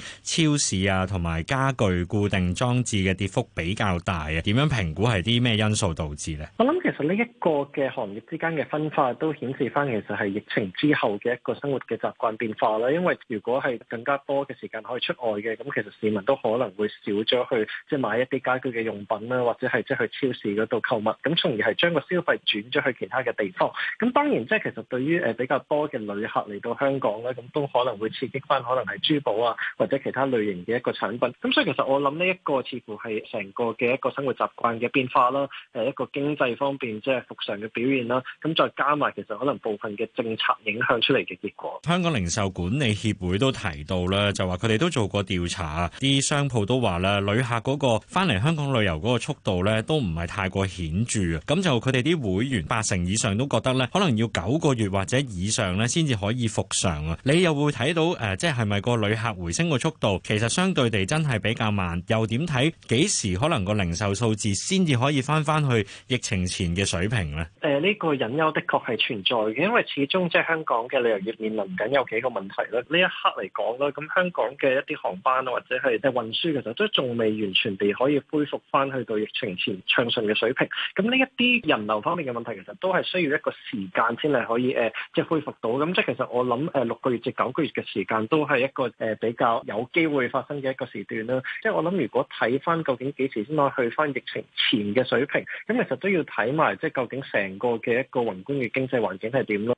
超市啊同埋家具固定裝置嘅跌幅比較大啊。點樣評估係啲咩因素導致咧？我諗其實呢一個嘅行業之間嘅分化都顯示翻其實係疫情之後嘅一個生活嘅習慣變化啦。因為如果係更加多嘅時間可以出外嘅，咁其實市民都可能會少咗去即係買一啲家居嘅用品啦，或者係即係去超市嗰度購物，咁從而係將。消費轉咗去其他嘅地方，咁當然即係其實對於誒比較多嘅旅客嚟到香港咧，咁都可能會刺激翻可能係珠寶啊，或者其他類型嘅一個產品。咁所以其實我諗呢一個似乎係成個嘅一個生活習慣嘅變化啦，誒一個經濟方面，即係復常嘅表現啦。咁再加埋其實可能部分嘅政策影響出嚟嘅結果。香港零售管理協會都提到啦，就話佢哋都做過調查，啲商鋪都話咧，旅客嗰個翻嚟香港旅遊嗰個速度咧，都唔係太過顯著。咁就。佢哋啲會員八成以上都覺得咧，可能要九個月或者以上咧，先至可以復常啊！你又會睇到誒，即係係咪個旅客回升個速度其實相對地真係比較慢？又點睇幾時可能個零售數字先至可以翻翻去疫情前嘅水平咧？誒、呃，呢、呢個隱憂的確係存在嘅，因為始終即係香港嘅旅遊業面臨緊有幾個問題啦。呢一刻嚟講啦，咁香港嘅一啲航班或者係誒運輸嘅時候，都仲未完全地可以恢復翻去到疫情前暢順嘅水平。咁呢一啲人人流方面嘅問題，其實都係需要一個時間先係可以誒、呃、即係恢復到。咁即係其實我諗誒、呃、六個月至九個月嘅時間都係一個誒、呃、比較有機會發生嘅一個時段啦。即係我諗如果睇翻究竟幾時先可以去翻疫情前嘅水平，咁其實都要睇埋即係究竟成個嘅一個宏觀嘅經濟環境係點咯。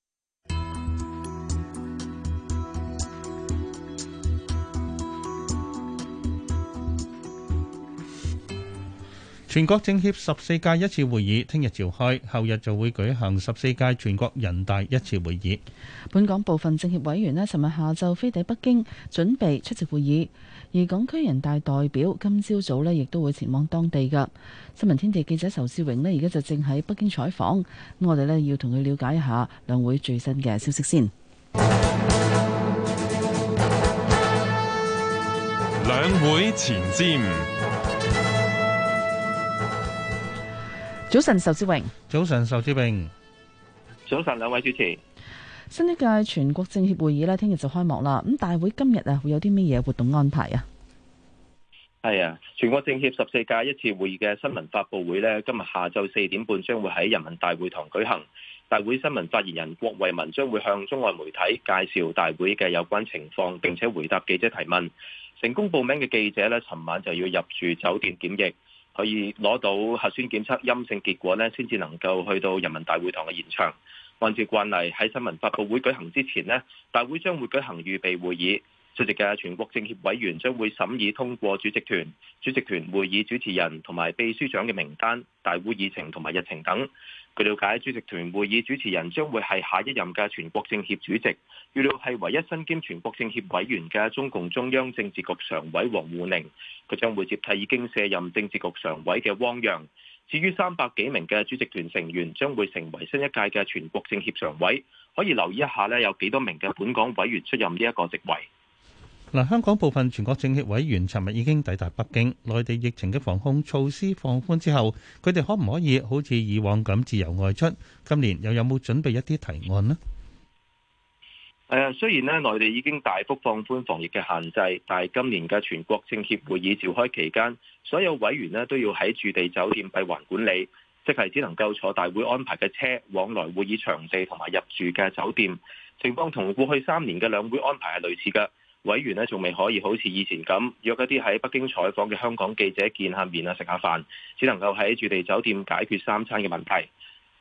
全國政協十四屆一次會議聽日召開，後日就會舉行十四屆全國人大一次會議。本港部分政協委員呢，尋日下晝飛抵北京準備出席會議，而港區人大代表今朝早呢亦都會前往當地噶。新聞天地記者仇志榮呢，而家就正喺北京採訪，咁我哋呢要同佢了解一下兩會最新嘅消息先。兩會前瞻。早晨，仇志榮。早晨，仇志榮。早晨，兩位主持。新一屆全國政協會議咧，聽日就開幕啦。咁大會今日啊，會有啲咩嘢活動安排啊？係啊，全國政協十四屆一次會議嘅新聞發佈會咧，今日下晝四點半將會喺人民大會堂舉行。大會新聞發言人郭衛民將會向中外媒體介紹大會嘅有關情況，並且回答記者提問。成功報名嘅記者咧，尋晚就要入住酒店檢疫。可以攞到核酸檢測陰性結果呢，先至能夠去到人民大會堂嘅現場。按照慣例，喺新聞發佈會舉行之前呢，大會將會舉行預備會議，出席嘅全國政協委員將會審議通過主席團、主席團會議主持人同埋秘書長嘅名單、大會議程同埋日程等。據了解，主席團會議主持人將會係下一任嘅全國政協主席，預料係唯一身兼全國政協委員嘅中共中央政治局常委王滬寧，佢將會接替已經卸任政治局常委嘅汪洋。至於三百幾名嘅主席團成員將會成為新一屆嘅全國政協常委，可以留意一下呢有幾多名嘅本港委員出任呢一個職位。嗱，香港部分全國政協委員尋日已經抵達北京。內地疫情嘅防控措施放寬之後，佢哋可唔可以好似以往咁自由外出？今年又有冇準備一啲提案呢？誒，雖然咧內地已經大幅放寬防疫嘅限制，但係今年嘅全國政協會議召開期間，所有委員咧都要喺駐地酒店閉環管理，即係只能夠坐大會安排嘅車往來會議場地同埋入住嘅酒店。情況同過去三年嘅兩會安排係類似嘅。委員呢，仲未可以好似以前咁約一啲喺北京採訪嘅香港記者見下面啊，食下飯，只能夠喺住地酒店解決三餐嘅問題。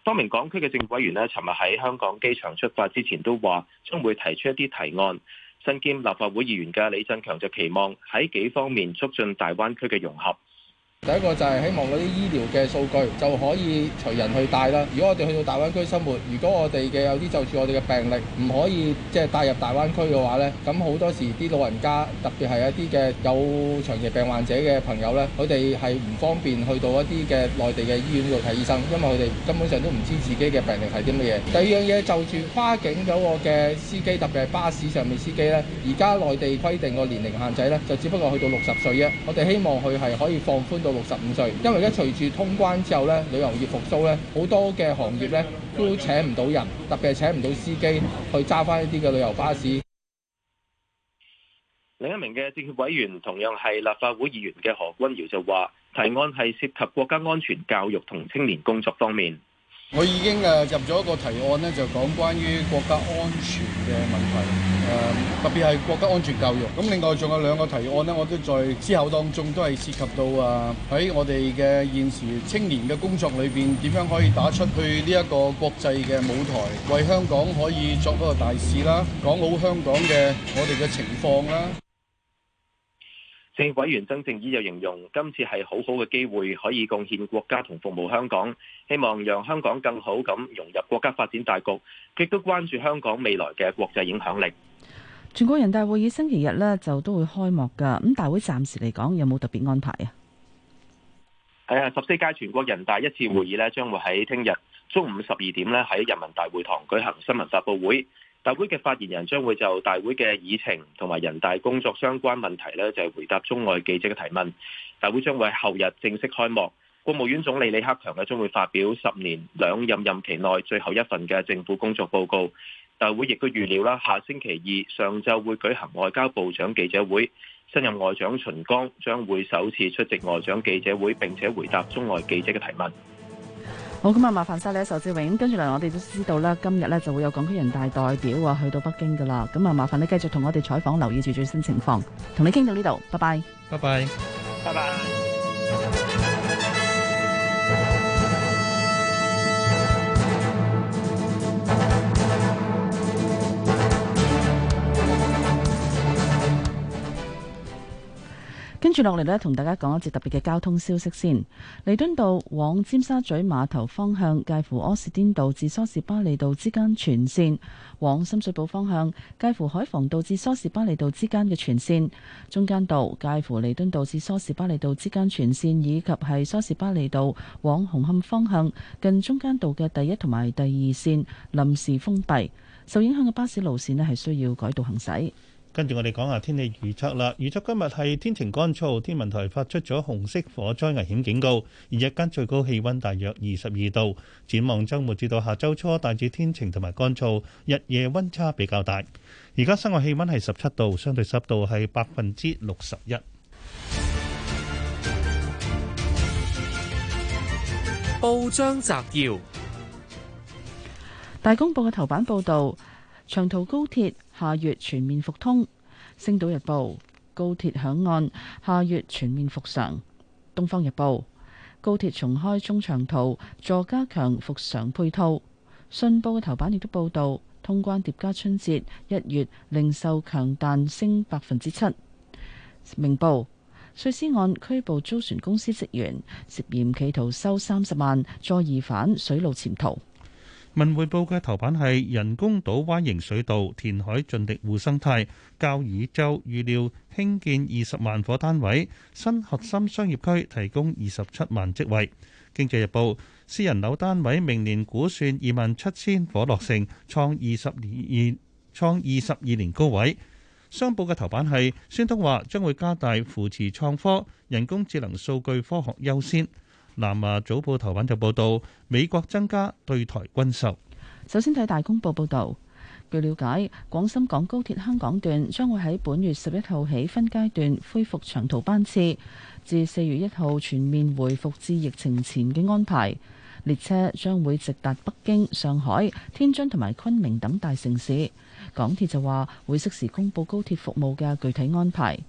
多名港區嘅政府委員呢，尋日喺香港機場出發之前都話將會提出一啲提案。身兼立法會議員嘅李振強就期望喺幾方面促進大灣區嘅融合。第一個就係希望嗰啲醫療嘅數據就可以隨人去帶啦。如果我哋去到大灣區生活，如果我哋嘅有啲就住我哋嘅病歷，唔可以即係帶入大灣區嘅話呢，咁好多時啲老人家，特別係一啲嘅有長期病患者嘅朋友呢，佢哋係唔方便去到一啲嘅內地嘅醫院度睇醫生，因為佢哋根本上都唔知自己嘅病歷係啲乜嘢。第二樣嘢就住跨境嗰個嘅司機，特別係巴士上面司機呢。而家內地規定個年齡限制呢，就只不過去到六十歲啫。我哋希望佢係可以放寬到。到六十五歲，因為而家隨住通關之後咧，旅遊業復蘇咧，好多嘅行業咧都請唔到人，特別係請唔到司機去揸翻一啲嘅旅遊巴士。另一名嘅政協委員，同樣係立法會議員嘅何君堯就話，提案係涉及國家安全教育同青年工作方面。我已經誒入咗一個提案呢，就講關於國家安全嘅問題。特別係國家安全教育，咁另外仲有兩個提案呢，我都在之後當中都係涉及到啊，喺我哋嘅現時青年嘅工作裏邊，點樣可以打出去呢一個國際嘅舞台，為香港可以作一個大使啦，講好香港嘅我哋嘅情況啦。政協委員曾正儀就形容，今次係好好嘅機會，可以貢獻國家同服務香港，希望讓香港更好咁融入國家發展大局，亦都關注香港未來嘅國際影響力。全國人大會議星期日咧就都會開幕噶，咁大會暫時嚟講有冇特別安排啊？係啊，十四屆全國人大一次會議咧將會喺聽日中午十二點咧喺人民大會堂舉行新聞發布會，大會嘅發言人將會就大會嘅議程同埋人大工作相關問題咧就係回答中外記者嘅提問。大會將會後日正式開幕，國務院總理李克強咧將會發表十年兩任任期內最後一份嘅政府工作報告。大會亦都預料啦，下星期二上晝會舉行外交部長記者會，新任外長秦剛將會首次出席外長記者會並且回答中外記者嘅提問。好，咁啊，麻煩晒你啊，仇志永。跟住嚟，我哋都知道啦，今日咧就會有港區人大代表啊去到北京噶啦，咁啊，麻煩你繼續同我哋採訪，留意住最新情況，同你傾到呢度，拜拜，拜拜，拜拜。接落嚟呢，同大家講一節特別嘅交通消息先。彌敦道往尖沙咀碼頭方向，介乎柯士甸道至梳士巴利道之間全線，往深水埗方向，介乎海防道至梳士巴利道之間嘅全線，中間道介乎彌敦道至梳士巴利道之間全線，以及係梳士巴利道往紅磡方向近中間道嘅第一同埋第二線臨時封閉，受影響嘅巴士路線呢係需要改道行駛。跟住我哋講下天氣預測啦。預測今日係天晴乾燥，天文台發出咗紅色火災危險警告，而日間最高氣溫大約二十二度。展望週末至到下週初，大致天晴同埋乾燥，日夜溫差比較大。而家室外氣溫係十七度，相對濕度係百分之六十一。報章摘要：大公報嘅頭版報道，長途高鐵。下月全面復通。星島日報：高鐵響岸，下月全面復常。東方日報：高鐵重開中長途，助加強復常配套。信報嘅頭版亦都報道，通關疊加春節，一月零售強彈升百分之七。明報：瑞斯案拘捕租船公司職員，涉嫌企圖收三十萬，再疑犯水路潛逃。文匯報嘅頭版係人工島彎形水道填海盡地護生態，交椅洲預料興建二十萬伙單位，新核心商業區提供二十七萬職位。經濟日報，私人樓單位明年估算二萬七千伙落成，創二十年創二十二年高位。商報嘅頭版係，孫東話將會加大扶持創科，人工智能、數據科學優先。南華早報頭版就報道，美國增加對台軍售。首先睇大公報報道，據了解，廣深港高鐵香港段將會喺本月十一號起分階段恢復長途班次，至四月一號全面恢復至疫情前嘅安排。列車將會直達北京、上海、天津同埋昆明等大城市。港鐵就話會適時公布高鐵服務嘅具體安排。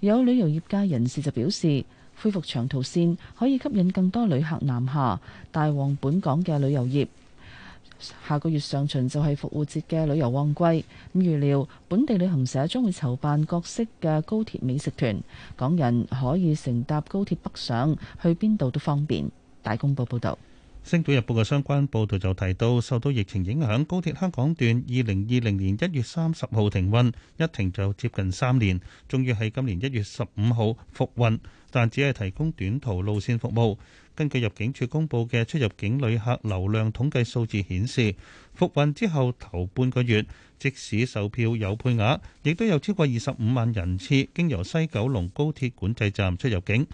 有旅遊業界人士就表示，恢復長途線可以吸引更多旅客南下，大旺本港嘅旅遊業。下個月上旬就係復活節嘅旅遊旺季，咁預料本地旅行社將會籌辦各式嘅高鐵美食團，港人可以乘搭高鐵北上，去邊度都方便。大公報報道。《星島日報》嘅相關報導就提到，受到疫情影響，高鐵香港段二零二零年一月三十號停運，一停就接近三年，終於係今年一月十五號復運，但只係提供短途路線服務。根據入境處公佈嘅出入境旅客流量統計數字顯示，復運之後頭半個月，即使售票有配額，亦都有超過二十五萬人次經由西九龍高鐵管制站出入境。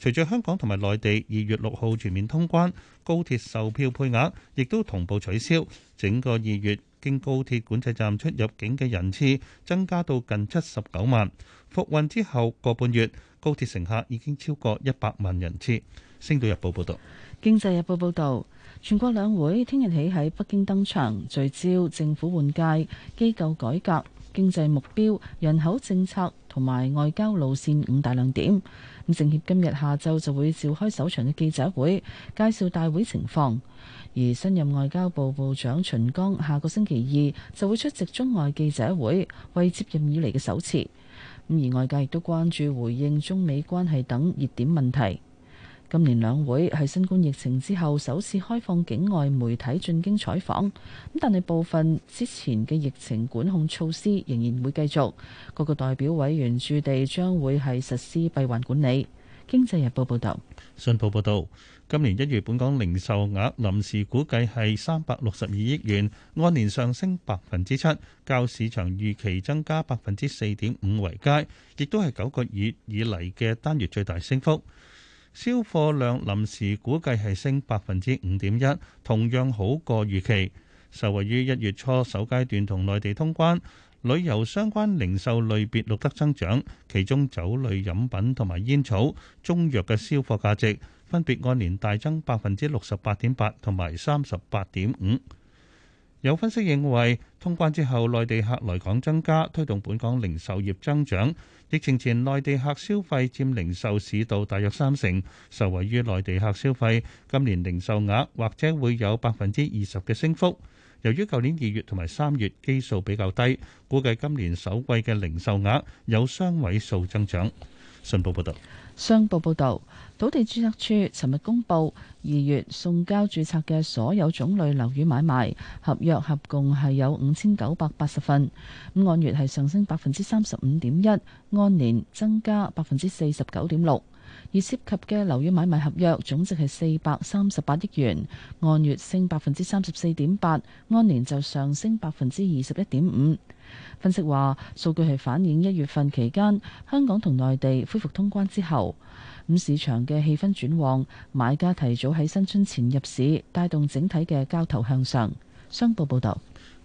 隨着香港同埋內地二月六號全面通關，高鐵售票配額亦都同步取消。整個二月，經高鐵管制站出入境嘅人次增加到近七十九萬。復運之後個半月，高鐵乘客已經超過一百萬人次。星島日報報道。《經濟日報》報道，全國兩會聽日起喺北京登場，聚焦政府換屆、機構改革、經濟目標、人口政策同埋外交路線五大亮點。咁政協今日下晝就會召開首場嘅記者會，介紹大會情況。而新任外交部部長秦剛下個星期二就會出席中外記者會，為接任以嚟嘅首次。咁而外界亦都關注回應中美關係等熱點問題。今年兩會係新冠疫情之後首次開放境外媒體進京採訪，咁但係部分之前嘅疫情管控措施仍然會繼續。各個代表委員駐地將會係實施閉環管理。經濟日報報導。信報報導，今年一月本港零售額臨時估計係三百六十二億元，按年上升百分之七，較市場預期增加百分之四點五為佳，亦都係九個月以嚟嘅單月最大升幅。銷貨量臨時估計係升百分之五點一，同樣好過預期。受惠於一月初首階段同內地通關，旅遊相關零售類別錄得增長，其中酒類飲品同埋煙草、中藥嘅銷貨價值分別按年大增百分之六十八點八同埋三十八點五。有分析認為，通關之後內地客來港增加，推動本港零售業增長。疫情前，內地客消費佔零售市道大約三成，受惠於內地客消費，今年零售額或者會有百分之二十嘅升幅。由於舊年二月同埋三月基數比較低，估計今年首季嘅零售額有雙位數增長。信報報道。商報報道，土地註冊處尋日公布，二月送交註冊嘅所有種類樓宇買賣合約合共係有五千九百八十份，按月係上升百分之三十五點一，按年增加百分之四十九點六。而涉及嘅樓宇買賣合約總值係四百三十八億元，按月升百分之三十四點八，按年就上升百分之二十一點五。分析話，數據係反映一月份期間香港同內地恢復通關之後，咁市場嘅氣氛轉旺，買家提早喺新春前入市，帶動整體嘅交投向上。商報報道。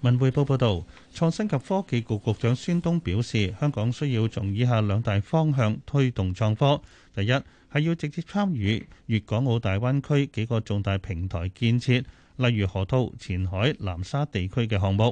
文匯報報道，創新及科技局局長孫東表示，香港需要從以下兩大方向推動創科：第一，係要直接參與粵港澳大灣區幾個重大平台建設，例如河套、前海、南沙地區嘅項目；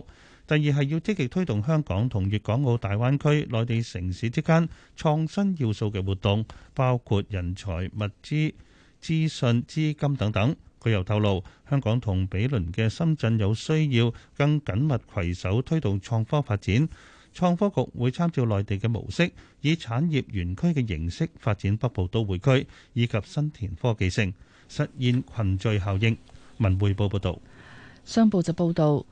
第二，係要積極推動香港同粵港澳大灣區內地城市之間創新要素嘅活動，包括人才、物資、資訊、資金等等。佢又透露，香港同比鄰嘅深圳有需要更緊密攜手推動創科發展，創科局會參照內地嘅模式，以產業園區嘅形式發展北部都會區以及新田科技城，實現群聚效應。文匯報報導，商報就報導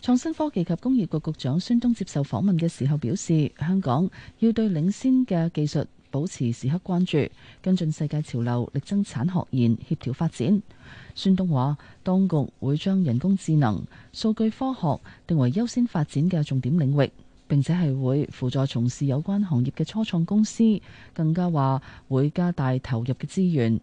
創新科技及工業局局長孫東接受訪問嘅時候表示，香港要對領先嘅技術。保持時刻關注，跟進世界潮流，力增產學研協調發展。孫東話，當局會將人工智能、數據科學定為優先發展嘅重點領域，並且係會輔助從事有關行業嘅初創公司。更加話會加大投入嘅資源。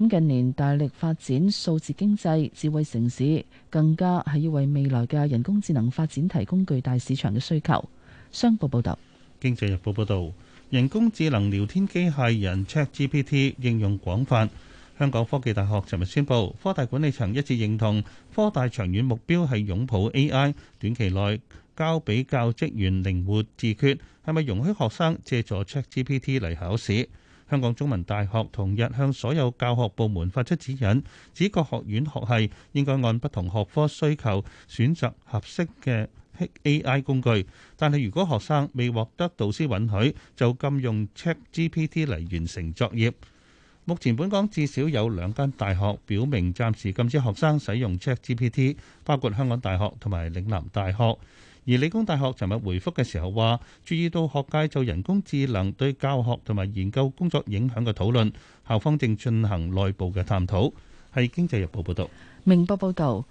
咁近年大力發展數字經濟、智慧城市，更加係要為未來嘅人工智能發展提供巨大市場嘅需求。商報報道，《經濟日報》報道。人工智能聊天機器人 ChatGPT 應用廣泛。香港科技大學尋日宣布，科大管理層一致認同科大長遠目標係擁抱 AI，短期內交俾教職員靈活自決，係咪容許學生借助 ChatGPT 嚟考試？香港中文大學同日向所有教學部門發出指引，指各學院學系應該按不同學科需求選擇合適嘅。AI 工具，但係如果學生未獲得導師允許，就禁用 ChatGPT 嚟完成作業。目前本港至少有兩間大學表明暫時禁止學生使用 ChatGPT，包括香港大學同埋嶺南大學。而理工大學尋日回覆嘅時候話，注意到學界就人工智能對教學同埋研究工作影響嘅討論，校方正進行內部嘅探討。係《經濟日報》報導。明報報導。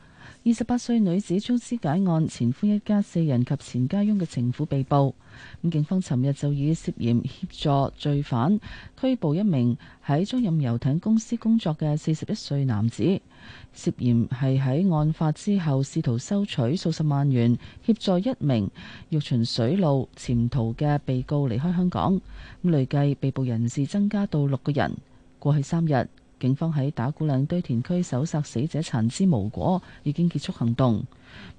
二十八歲女子遭肢解案，前夫一家四人及前家翁嘅情婦被捕。咁警方尋日就以涉嫌協助罪犯拘捕一名喺租賃遊艇公司工作嘅四十一歲男子，涉嫌係喺案發之後試圖收取數十萬元，協助一名欲循水路潛逃嘅被告離開香港。咁累計被捕人士增加到六個人。過去三日。警方喺打鼓嶺堆填區搜查死者殘肢無果，已經結束行動。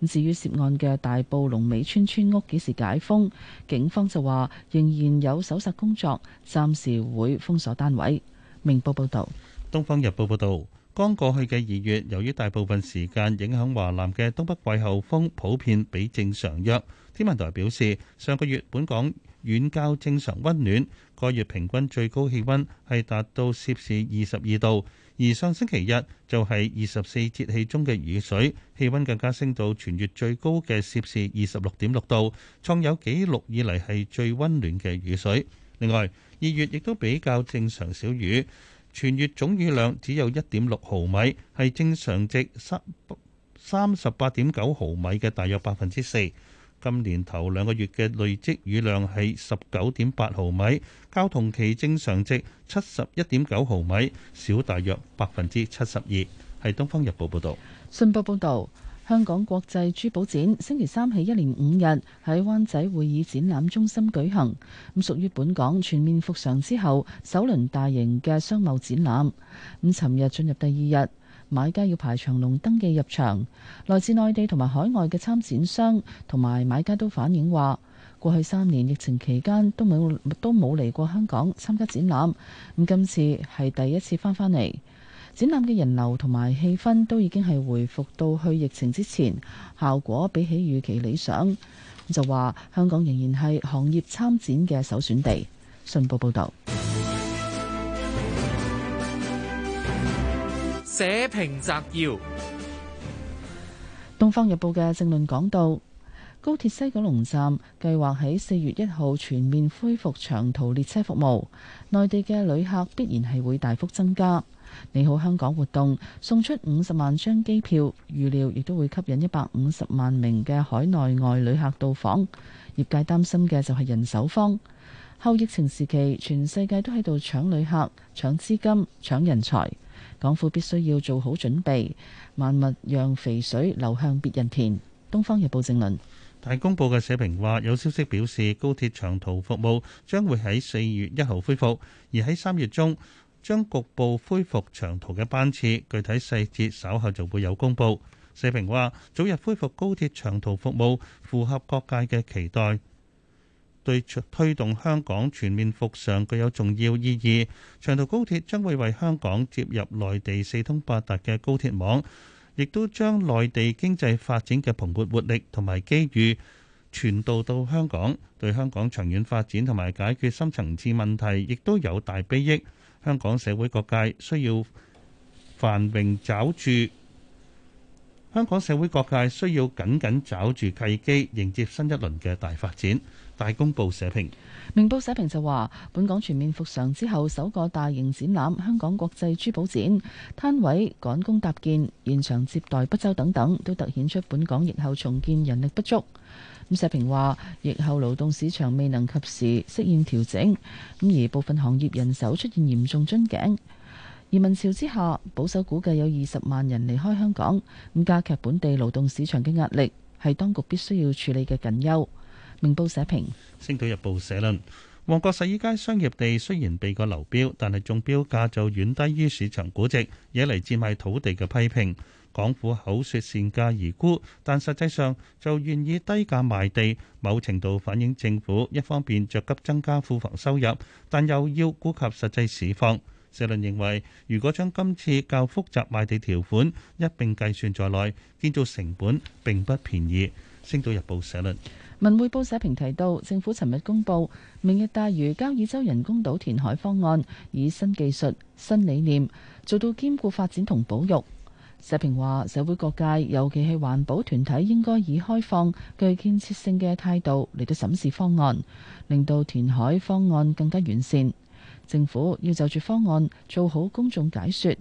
至於涉案嘅大埔龍尾村村屋幾時解封，警方就話仍然有搜查工作，暫時會封鎖單位。明報報道，《東方日報》報道，剛過去嘅二月，由於大部分時間影響華南嘅東北季候風，普遍比正常弱。天文台表示，上個月本港遠較正常温暖，個月平均最高氣温係達到攝氏二十二度，而上星期日就係二十四節氣中嘅雨水，氣温更加升到全月最高嘅攝氏二十六點六度，創有紀錄以嚟係最温暖嘅雨水。另外，二月亦都比較正常少雨，全月總雨量只有一點六毫米，係正常值三三十八點九毫米嘅大約百分之四。今年頭兩個月嘅累積雨量係十九點八毫米，較同期正常值七十一點九毫米少大約百分之七十二。係《東方日報》報導。信報報導，香港國際珠寶展星期三起一連五日喺灣仔會議展覽中心舉行，咁屬於本港全面復常之後首輪大型嘅商貿展覽。咁尋日進入第二日。買家要排長龍登記入場，來自內地同埋海外嘅參展商同埋買家都反映話，過去三年疫情期間都冇都冇嚟過香港參加展覽，咁今次係第一次翻返嚟。展覽嘅人流同埋氣氛都已經係回復到去疫情之前，效果比起預期理想。就話香港仍然係行業參展嘅首選地。信報報道。社評摘要，《東方日報》嘅政論講到，高鐵西九龍站計劃喺四月一號全面恢復長途列車服務，內地嘅旅客必然係會大幅增加。你好，香港活動送出五十萬張機票，預料亦都會吸引一百五十萬名嘅海內外旅客到訪。業界擔心嘅就係人手荒。後疫情時期，全世界都喺度搶旅客、搶資金、搶人才。港府必須要做好準備，萬勿讓肥水流向別人田。《東方日報》正論。大公報嘅社評話：有消息表示，高鐵長途服務將會喺四月一號恢復，而喺三月中將局部恢復長途嘅班次，具體細節稍後就會有公佈。社評話：早日恢復高鐵長途服務，符合各界嘅期待。對推動香港全面復常具有重要意義。長途高鐵將會為香港接入內地四通八達嘅高鐵網，亦都將內地經濟發展嘅蓬勃活力同埋機遇傳導到香港，對香港長遠發展同埋解決深層次問題，亦都有大裨益。香港社會各界需要繁榮找住，香港社會各界需要緊緊抓住契機，迎接新一輪嘅大發展。大公報社評，明報社評就話本港全面復常之後首個大型展覽香港國際珠寶展，攤位趕工搭建，現場接待不周等等，都凸顯出本港疫後重建人力不足。咁社評話疫後勞動市場未能及時適應調整，咁而部分行業人手出現嚴重樽頸，移民潮之下，保守估計有二十萬人離開香港，咁加劇本地勞動市場嘅壓力，係當局必須要處理嘅緊憂。明報社評，《星島日報》社論，旺角洗衣街商業地雖然被個流標，但係中標價就遠低於市場估值，惹嚟賤賣土地嘅批評。港府口說善價而沽，但實際上就願意低價賣地，某程度反映政府一方面着急增加庫房收入，但又要顧及實際市況。社論認為，如果將今次較複雜賣地條款一併計算在內，建造成本並不便宜。《星島日報》社論。文匯報社評提到，政府尋日公布明日大嶼、交椅洲人工島填海方案，以新技術、新理念做到兼顧發展同保育。社評話，社會各界尤其係環保團體應該以開放、具建設性嘅態度嚟到審視方案，令到填海方案更加完善。政府要就住方案做好公眾解說，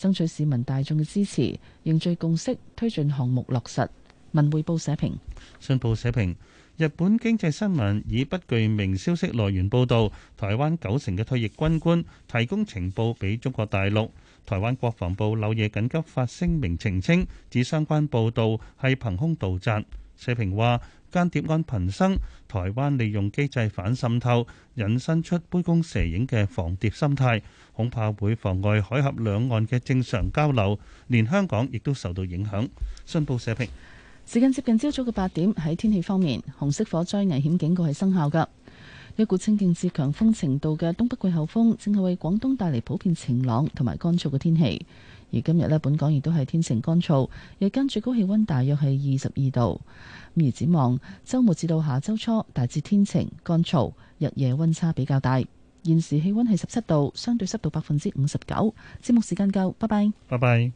爭取市民大眾嘅支持，凝聚共識，推進項目落實。文匯報社評，信報社評。日本經濟新聞以不具名消息來源報導，台灣九成嘅退役軍官提供情報俾中國大陸。台灣國防部漏夜緊急發聲明澄清，指相關報導係憑空杜撰。社評話：間諜案頻生，台灣利用機制反滲透，引申出杯弓蛇影嘅防諜心態，恐怕會妨礙海峽兩岸嘅正常交流，連香港亦都受到影響。信報社評。時間接近朝早嘅八點，喺天氣方面，紅色火災危險警告係生效噶。一股清勁至強風程度嘅東北季候風正係為廣東帶嚟，普遍晴朗同埋乾燥嘅天氣。而今日呢，本港亦都係天晴乾燥，日間最高氣溫大約係二十二度。而展望周末至到下周初，大致天晴乾燥，日夜溫差比較大。現時氣溫係十七度，相對濕度百分之五十九。節目時間夠，拜拜，拜拜。